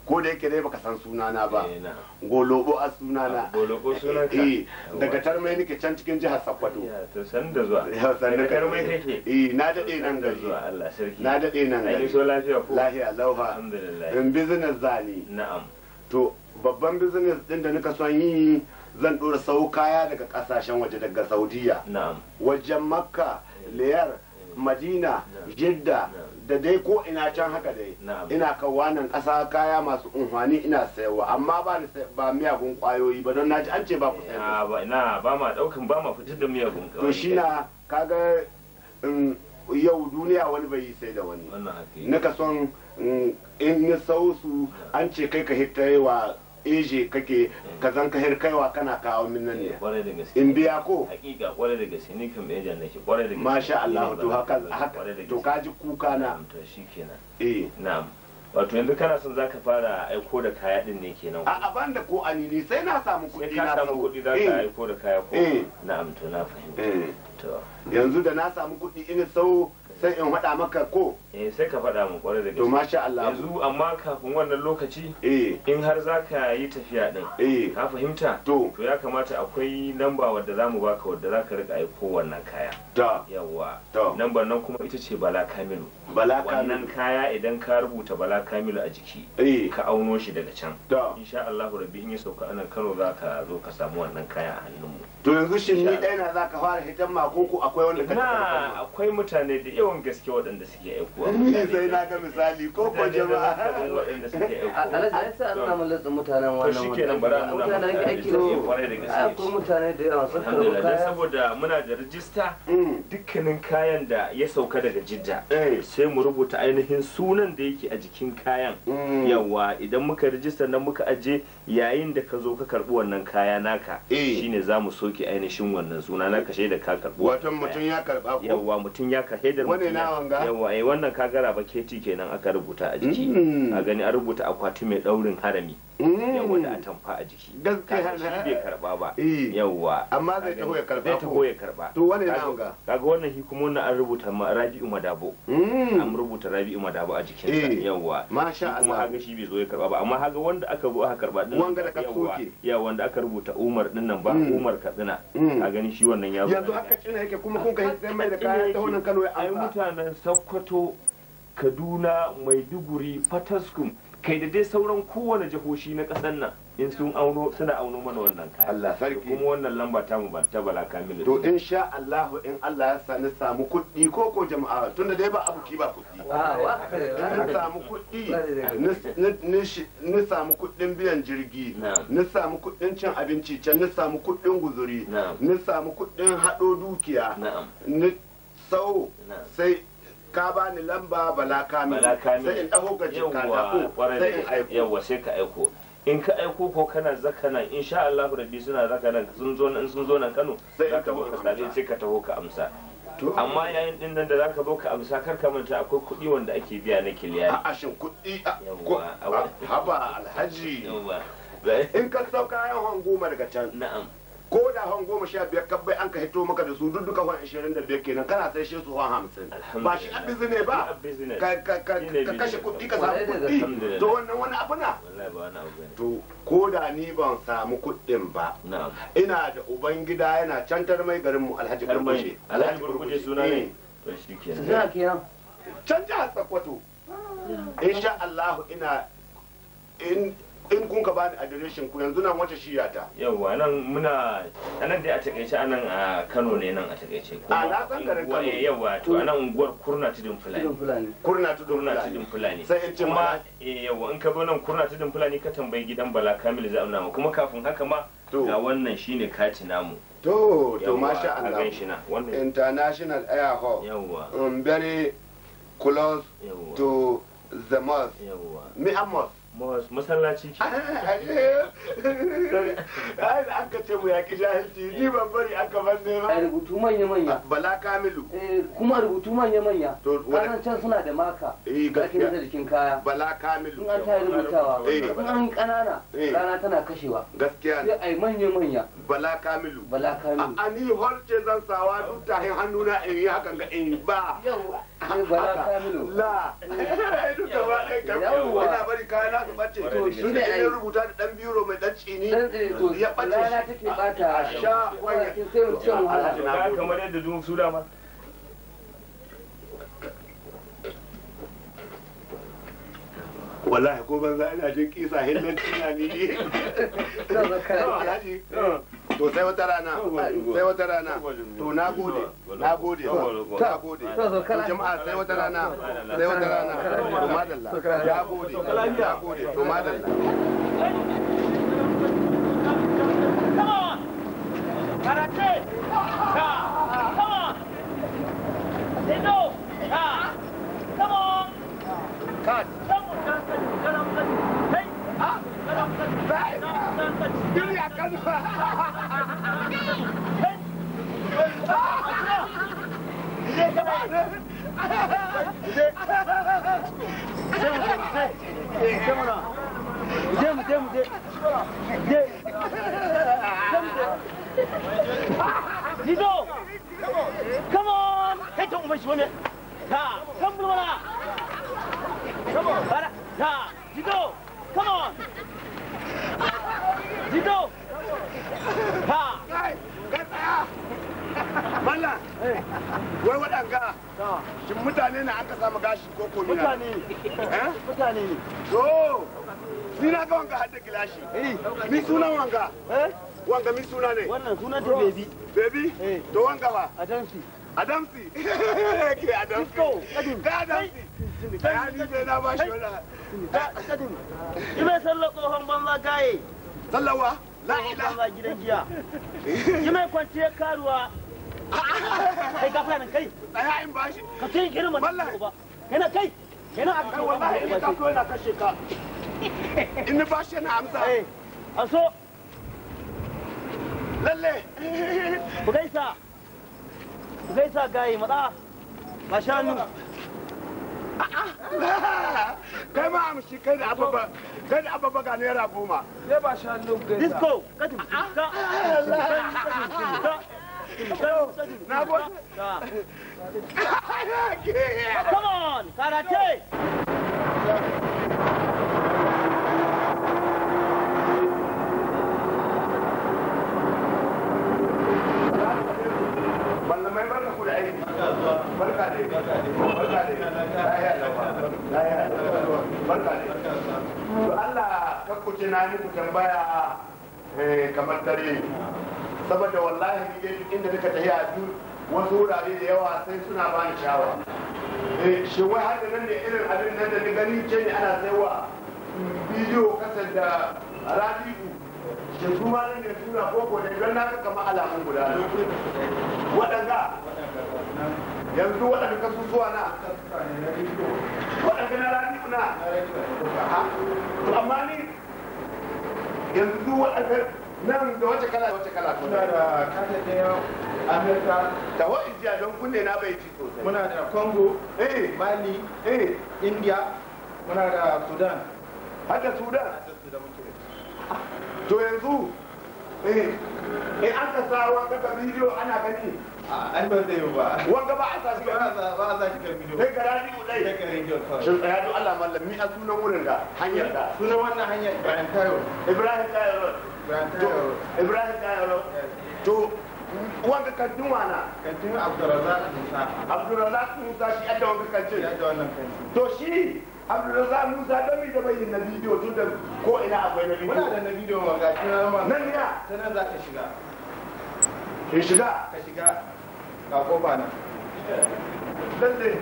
ko da yake dai baka san sunana ba eh, golobo a sunana ah, golobo sunanka eh daga tarmai nake can cikin jihar Sokoto to san da zuwa san da tarmai kake eh na dade nan gari zuwa Allah sarki na dade nan gari ai so lafiya ko lafiya lauha alhamdulillah in business zani na'am to babban business din da nika son yi zan dora sau kaya daga kasashen waje daga Saudiya na'am wajen Makka Liyar eh. Madina Jeddah da dai ko ina can haka dai ina kan wannan ƙasa kaya masu unhwani ina sayarwa amma ba ba miyagun kwayoyi ba don na ji an ce ba ku sayarwa ah, na ba ma daukan ba ma fitar da miyagun kwayoyi to shi na kaga um, yau duniya wani bai yi sai da wani na ka son um, in sau su an ce kai ka hitare wa eje kake ka zan ka kana kawo min nan ne eh, in biya ko hakika kwarai da gaske ni kan eje ne shi kwarai da gaske masha Allah to haka haka to kaji kuka na to shikenan eh na'am wato yanzu kana son zaka fara aiko da kaya din ne kenan a ban da ko ne sai na samu kuɗi na samu kuɗi za ka eh. aiko da kaya ko eh. na'am to na fahimta to yanzu da na samu kuɗi ina sau sai in faɗa maka ko eh sai ka faɗa mu kwarai da gaske to masha Allah yanzu amma kafin wannan lokaci eh in har za yi tafiya din eh ka fahimta to to ya kamata akwai namba wadda zamu baka wadda zaka ka rika ko wannan kaya da yawa to namba nan kuma ita ce bala kamilu bala kamilu wannan kaya idan ka rubuta bala kamilu a jiki eh ka auno shi daga can da insha Allah rabbi in ya sauka anan Kano zaka zo ka samu wannan kaya a hannun mu. to yanzu shi ni ɗaya na za ka fara hitan ma koko akwai wanda ka na akwai mutane da yawan gaske waɗanda suke aikuwa ni sai na ga misali ko ko jama'a waɗanda suke <laughs> aikuwa alaji ai sai an samu latsa mutanen wannan mutanen eh, da gaske akwai mutane da yawa sun karɓi kaya saboda muna da rijista mm. dukkanin kayan da ya sauka daga jidda eh. sai mu rubuta ainihin sunan da yake a jikin kayan mm. yawa idan muka rijista nan muka aje yayin da ka zo ka karɓi wannan kaya naka eh. shine za mu so ke ainihin wannan suna na kashe da ka karbo Watan mutum ya karba ko Yawwa mutum ya kashe da wani na wanga Yawwa eh wannan kagara ba keti kenan aka rubuta a jiki mm. a gani a rubuta akwati mai daurin harami Mm. yawa da atamfa a jiki gaskiya shi bai karba ba eh. yawa amma zai taho ya karba zai taho ya karba to wannan na ga kaga wannan shi kuma wannan an rubuta ma Rabi'u Madabo mm. an rubuta Rabi'u Madabo a jikin sa eh. yawa masha Allah kuma haga shi bai zo ya karba ba amma haga wanda aka zo aka karba din wanda da ka soke ya wanda aka rubuta Umar din nan ba mm. Umar Katsina a gani shi wannan ya yanzu aka cina yake kuma kun kai sai mai da kayan tahonin Kano ya ai mutanen Sokoto Kaduna Maiduguri Fataskum kai da dai sauran kowane jihohi na ƙasar nan in sun auno suna auno mana wannan kaya Allah sarki kuma wannan lamba ta mu ba ta bala kamil to insha Allah in Allah ya sani samu kuɗi ko ko jama'a tunda dai ba ki ba kuɗi ni samu kuɗi ni samu kuɗin biyan jirgi ni samu kuɗin cin abinci can ni samu kuɗin guzuri ni samu kuɗin haɗo dukiya ni sau sai ka bani lamba bala kami sai in ɗaho ka ce ka tako sai in aiko yawa sai ka aiko in ka aiko ko kana zaka nan insha Allah rabbi suna zaka nan sun zo nan sun zo nan Kano sai ka ka sale sai ka taho ka amsa amma yayin din nan da zaka zo ka amsa kar ka manta akwai kuɗi wanda ake biya na kiliyari a shin kuɗi haba alhaji in ka sauka yan hangoma daga can na'am ko da hon goma sha biyar kabbai an ka hito maka da su duk duka hon ashirin da biyar kenan kana sai shi su hon hamsin ba shi abizi ne ba ka kashe kuɗi ka samu kuɗi to wannan wani abu na to ko da ni ban samu kuɗin ba ina da ubangida yana cantar mai garin mu alhaji burkushe alhaji burkushe suna ne eh. to shi kenan canja tsakwato Allah ina in in kun ka bani adireshin ku yanzu nan wace shiya ta yawwa nan muna nan dai a takaice a nan a Kano ne nan a takaice ko a na san garin Kano yawwa to anan unguwar Kurna Tudun Fulani Kurna Tudun Fulani sai in ce ma eh, yawwa in ka bi nan Kurna Tudun Fulani ka tambayi gidan Bala Kamil za mu kuma kafin haka ma ga wannan shine kati namu to to masha Allah international air hall yawwa um, very close to the mosque me mi mosque masallaci ai da aka ce mu ki jahilci ni ban bari aka ban ne ba rubutu manya manya ah, bala kamilu eh, kuma rubutu manya manya wannan can suna da maka eh gaskiya da jikin kaya bala kamilu an ta rubutawa in an kanana eh. eh. rana tana kashewa gaskiya sai ai manya manya bala kamilu bala kamilu a ah, ni horce zan sawa duk tahin hannuna in yi hakan ga in ba yawa bala kamilu la <laughs> ina bari kaya ta bace to shi ne rubuta da dan biro mai dan cini ya bace rana take bata a sha waya sai mu ce mu halala kamar yadda dun su da ma wallahi ko banza ina jin kisa hinnan tunani ne <laughs> to sai wata rana sai wata rana to na gode na gode ta gode to jama'a sai wata rana sai wata rana to madalla ya gode ya gode to madalla Karate! Ta! Come on! Zendo! Ta! Come on! Cut! wannan sunan ta baby baby eh. to wanga ba adamsi adamsi <laughs> ke adamsi ka adamsi ta hali bai na ba shi yi mai sallar tsohon banza gaye sallawa la'ila ba gidan giya yi mai karuwa kai ka fara kai tsaya in bashi ka ce irin wannan ba yana kai yana a kai wallahi in ka so yana kashe ka <laughs> in bashi yana amsa eh. a aso lalle ku gaisa ku gaisa gaye mata ba shanu kai ma amshi kai da ababa kai da ababa ga naira goma ne ba shanu gaisa disco katin ka na <laughs> come on karate to Allah kakkuce na muku tambaya kamar dare saboda wallahi inda nika tafi a wasu wurare da yawa sai suna ba ni shawa shi wai har da nan ne irin abin nan da ni gani ce ne ana saiwa bidiyo kasar da radiyo shi su ma ne tura koko ne don na kama alamun guda waɗanda yanzu waɗanda kasusuwa na waɗanda na radiyo na to amma ni yanzu waɗanda nan da wace kala wace kala to da kada da Amerika ta wa India don kunne na bai ci sosai muna da Congo eh Mali eh India muna da Sudan hada Sudan Sudan to yanzu eh eh an ka sa wa ka bidiyo ana gani an ba zai ba wanga ba a sa shi kan ba a sa shi kan bidiyo kai gara ni dai kai kare jiyo kawai shin tsaya don Allah mallam mi a sunan wurin da hanyar da sunan wannan hanyar Ibrahim Tayo Ibrahim Tayo Ibrahim Tayo to wanda kantin wana kantin Abdurrazzaq Musa Abdurrazzaq Musa shi adda wanga kantin ya da wannan kantin to shi Abdurrazzaq Musa don mi da bayyana bidiyo tun da ko ina akwai na bidiyo muna da na bidiyo ga nan ma nan ya sanan za ka shiga ke shiga shiga ga kofa nan lalle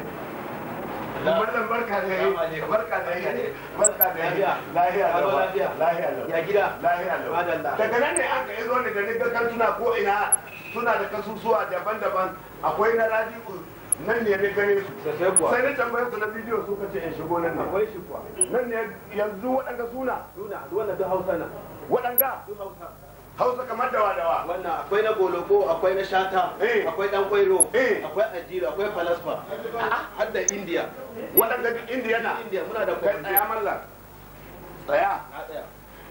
barka da yi barka da yi barka da yi lahiya lahiya lahiya ya gida lahiya madalla daga nan ne aka yi zuwa da daga kantuna ko ina suna da kasusuwa daban-daban akwai na radiyo nan ne na gare su sai na tambaye su na bidiyo suka ce in shigo nan akwai shi kuwa nan ne yanzu waɗanda suna suna wannan duk hausa waɗanda duk hausa hausa kamar dawa dawa wannan akwai na goloko akwai na shata eh. akwai dan kwairo eh. akwai ajiro akwai falasfa har da india waɗanda duk indiya na india muna da kwai tsaya mallan tsaya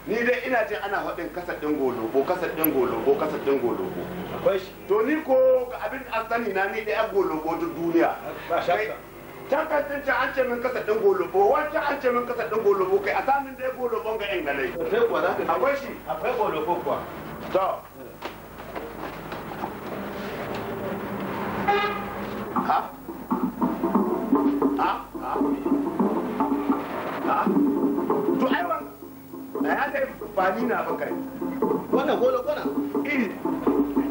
ni dai ina ce ana faɗin goloko ɗin goloko kasar ɗin goloko akwai ɗin goloko to ni ko abin da asali na ni da yan goloko duk duniya can kan tun an ce kasa an ce min kasa kai a samun dai golobon ga yan galai akwai shi akwai kuwa to ha ha ha ha na ya kai fani na baka yi wannan gole gona eh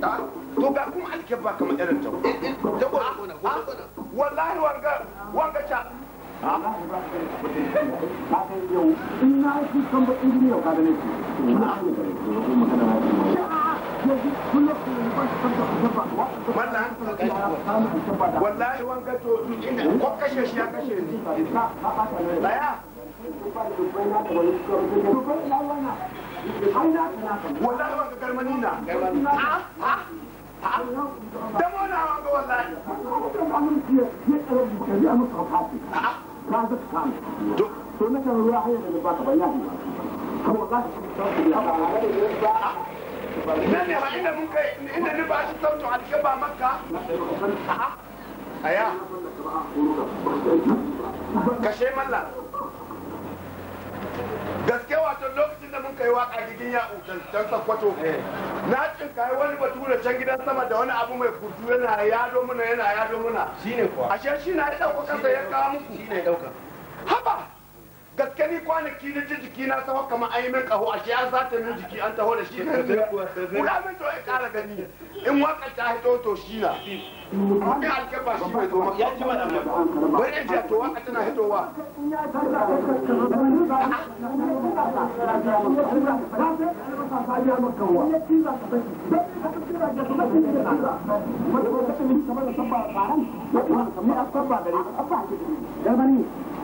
ta to ga kuma alke ba kamar irin ta eh, eh, ta gole gona gole gona ah, ah, wallahi wanga wanga cha ah, wallahi wanga to shi ya kashe ni والله ما كرمانينا دمونا والله سنة الواحية اللي بقى بيانا هو الله نعم يا عندنا ممكن إن نبقى استمتع على جبهة مكة أيا كشيء ملا gaske wato lokacin da mun kai waka gigin ya u can sakwato eh. na cin kai wani da can gidan sama da wani abu mai kurtu yana yado muna yana yado muna shine kuwa ashe shi na dauka kansa ya kawo muku shine dauka haba gaske ni kwanaki na ji jiki na sama kamar an yi min kaho ashe an sace min jiki an taho da shi na kula min to ya kara gani in waka ta hito to shi na in alkaba shi bai zo ya ji mana bari in ji to waka tana hitowa Germany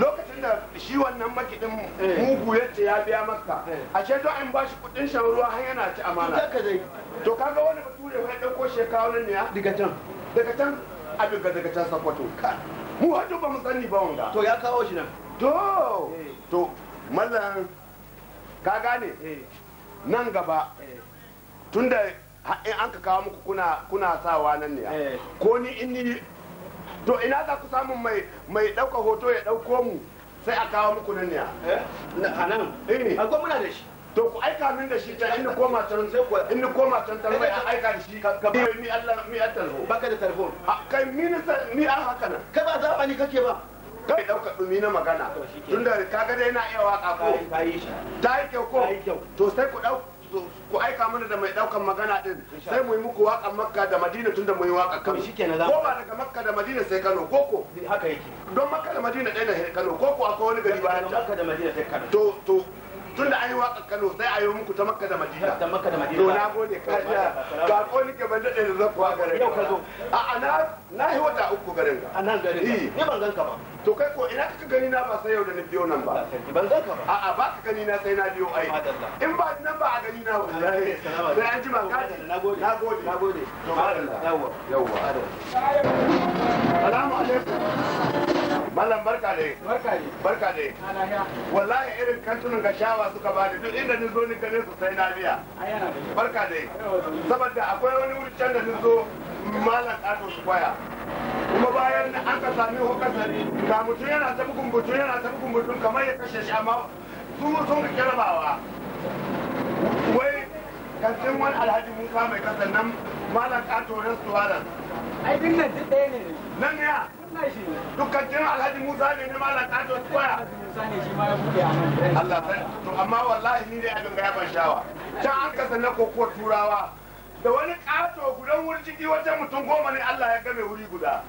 lokacin da shi wannan makidin eh. mugu yadda ya biya maka eh. a to an ba shi kudin shan ruwa har yana ci amana to kaga wani bature mai dauko shekaru nan ne ya daga can daga can abin ga daga can sakwato mu hadu ba mu sani ba wanga to ya kawo shi nan to eh. to mallan ka gane nan gaba tunda in an ka kawo muku kuna sawa nan ne ko ni in ni to ina za ku samu mai mai ɗauka hoto ya ɗauko mu sai a kawo muku nan ya eh, a nan eh a muna da shi to ku aika min da shi ta in koma can sai ku inda koma can tan mai aika da shi ka eh, mi Allah mi a telefon baka da telefon kai minista mi a haka nan kai ba ba ni kake ba kai dauka dumi na magana tunda kaga dai na iya waka ko ta yi kyau ko to sai ku dauka ku aika mana da mai daukan magana din sai mu yi muku waka makka da madina tunda mu yi waka kano ko ba daga makka da madina sai kano ko ko haka yake don makka da madina ɗaya na kano ko ko akwai wani gari bayan makka da madina sai kano to to tun da an yi waƙa kano sai a yi muku ta makka da madina ta makka da madina to na gode ka ja ga ko ke ban dade da a garin yau ka zo a ana na yi wata uku garin ka. anan garin eh. ni ban ganka ba to kai ko ina kaka gani na ba sai yau da na biyo nan ba ban ganka ba a'a ba ka gani na sai na biyo ai in ba nan ba a gani na wallahi sai an ji ma ka na gode na gode na gode to madalla yawa yawa assalamu alaikum Mallam barka dai. barka dai. barka ne wallahi irin kantunan ga shawa suka bani duk inda ni zo ni gane su sai na biya barka dai. saboda akwai wani wuri can da ni zo malam ɗato su kwaya kuma bayan an ka sami hukasari ga mutum yana ta bugun mutum yana ta bugun mutum kamar ya kashe shi amma su sun ka kirbawa wai kantin wani alhaji musa mai kasan nan malam ƙato restoran ai din nan duk ɗaya ne nan ne dukkan jini alhaji musa ne na malam kato koya Allah sai to amma wallahi ni ne abin gaya ban shawa can an kasa na kokowar turawa da wani kato gudan wurin ciki wajen mutum goma ne Allah ya game wuri guda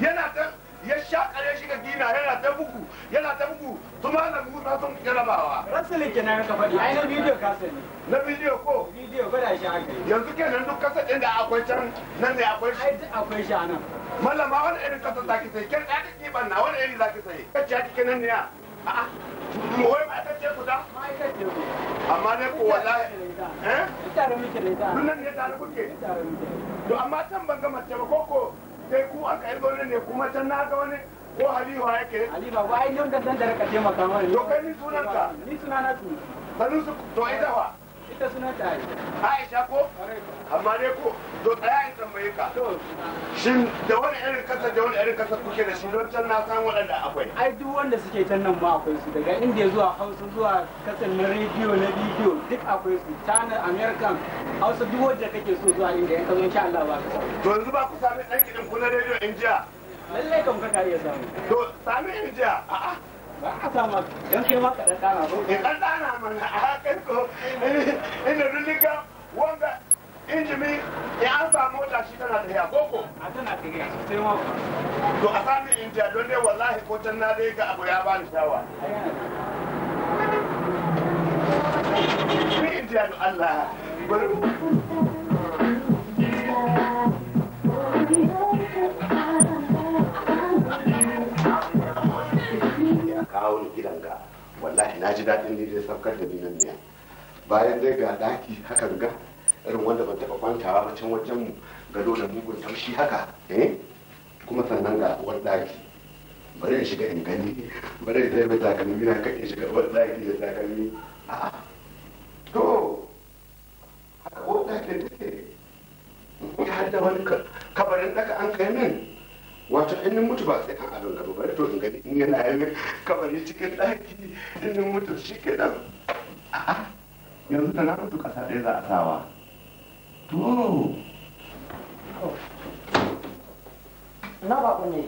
yana ta ya shakare shi ga gina yana ta bugu yana ta bugu tuma na musa sun jarabawa rasulun kenan ka faɗi ai na bidiyo ka sani na bidiyo ko bidiyo gwada shi aka yi yanzu nan duk kasa ɗin da akwai can nan ne akwai shi akwai shi anan mallama wani irin kasa zaki sai kin ɗaki kiban na wani irin zaki sai kacce ya cikin nan ne ya a'a wai ma'aikace guda ku amma dai ko wallahi eh tare muke da ita eh? nan ne tare kuke to amma can ban ga mace ba koko sai ku aka yi gwamna ne kuma can na ga wani ko halifa yake halifa ba yi yau da zan da ka taimaka mana to kai ni sunanka ni sunana tu su to ai dawa ita suna ta aisha ko amma ne ko to tsaya in tambaye ka shin da wani irin kasa da wani irin kasa kuke da shi don can na san waɗanda akwai ai duk wanda suke can nan ma akwai su daga indiya zuwa hausa zuwa kasan na rediyo na bidiyo duk akwai su tana american hausa duk wanda kake so zuwa indiya in ka zo insha Allah ba ka samu to yanzu ba ku sami ɗan kiɗin ku na rediyo jiya. lallai kam ka iya samu to sami jiya a'a ba a sama don kai ma kaɗan ko ne a hakan ko inda duniga wanda injimi ya an samu mota shi tana koko a tana tafiya sai ma to a sami injiya don dai wallahi ko can na dai ga abu ya bani shawa ni injiya Allah bari kawo ni gidanka wallahi na ji daɗin ni da saukar da ni nan ne bayan dai ga ɗaki haka ga irin wanda ban taɓa kwantawa ba can wajen mu gado da mugun taushi haka eh kuma sannan ga wani ɗaki bari in shiga in gani bari in zai takalmi na kan in shiga wani ɗaki da takalmi a to haka wani ɗakin take ya hada wani kabarin ɗaka an kai min wato in mutu ba sai an adon gaba bari to in gani in yana kamar yi cikin ɗaki in mutu shi ke nan yanzu ta na mutu ƙasa ɗaya za a sawa to na ba ne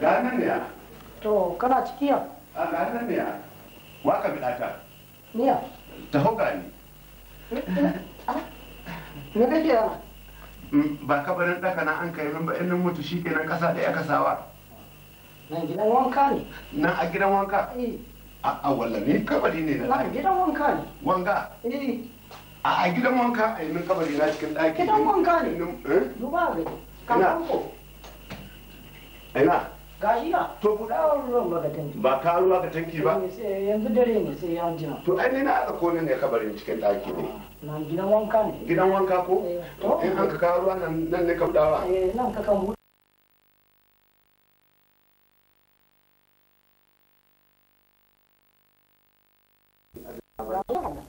ganin ya to kana ciki ya a ganin ne ya ka bi ɗata ne ya ta hau gani me ah, kake yana Mm, ba kabarin daka na an kai nan ba in mutu shi kenan ƙasa da ya kasawa nan gidan wanka ne nan a gidan wanka eh. a ne kabari ne na a gidan wanka ne wanga eh. a gidan wanka a yi min kabari na cikin daki gidan wanka ne mm, eh. duba ga ko ina gashi na to ku dawo ruwan ba ka tanki ba ka ruwa ga tanki ba yanzu dare ne sai ya jima to ai ne na aka kone ne kabarin cikin daki ne na gidan wanka ne gidan wanka ko eh. to in an ka kawo ruwa nan nan ne ka dawa eh nan ka kan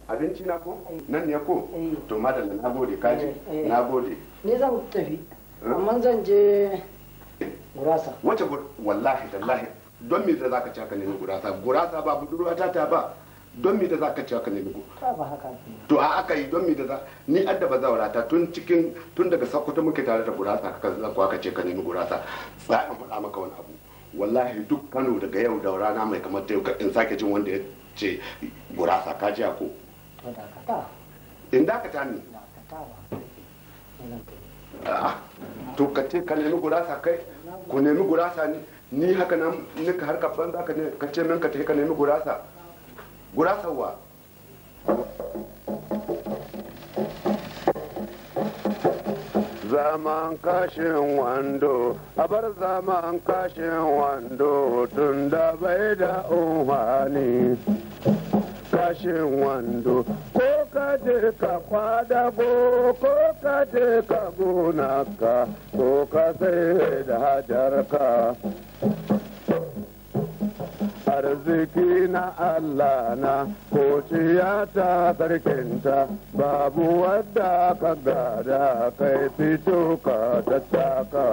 abinci na ko eh. nan ne ko eh. to madalla na gode kaji na gode ne zan tafi amma zan je gurasa wace wallahi tallahi don me za ka ci haka nemi gurasa gurasa ba budurwa ta ta ba don me da ka ci haka nemi gurasa to a aka yi don me za ni adda ba zaura ta tun cikin tun daga sakkwato muke tare da gurasa ka zaka aka ce ka nemi gurasa za a faɗa maka wani abu wallahi duk Kano daga yau da rana mai kamar ta yau in sake jin wanda ya ce gurasa ka ji ko in da ne ta ba to ka ce ka nemi gurasa kai ku nemi gurasa ni haka nan ni nika harkar banza ka ce min ka tafi ka nemi gurasa gurasa wa zaman kashin wando a bar zaman kashin wando tun da bai da umarni kashin wando ko ka je ka kwadago ko ka je ka gonaka ko ka sai da hajarka arziki na Allah na kociya ta sarkinta babu wadda ka gada kai fito ka tattaka.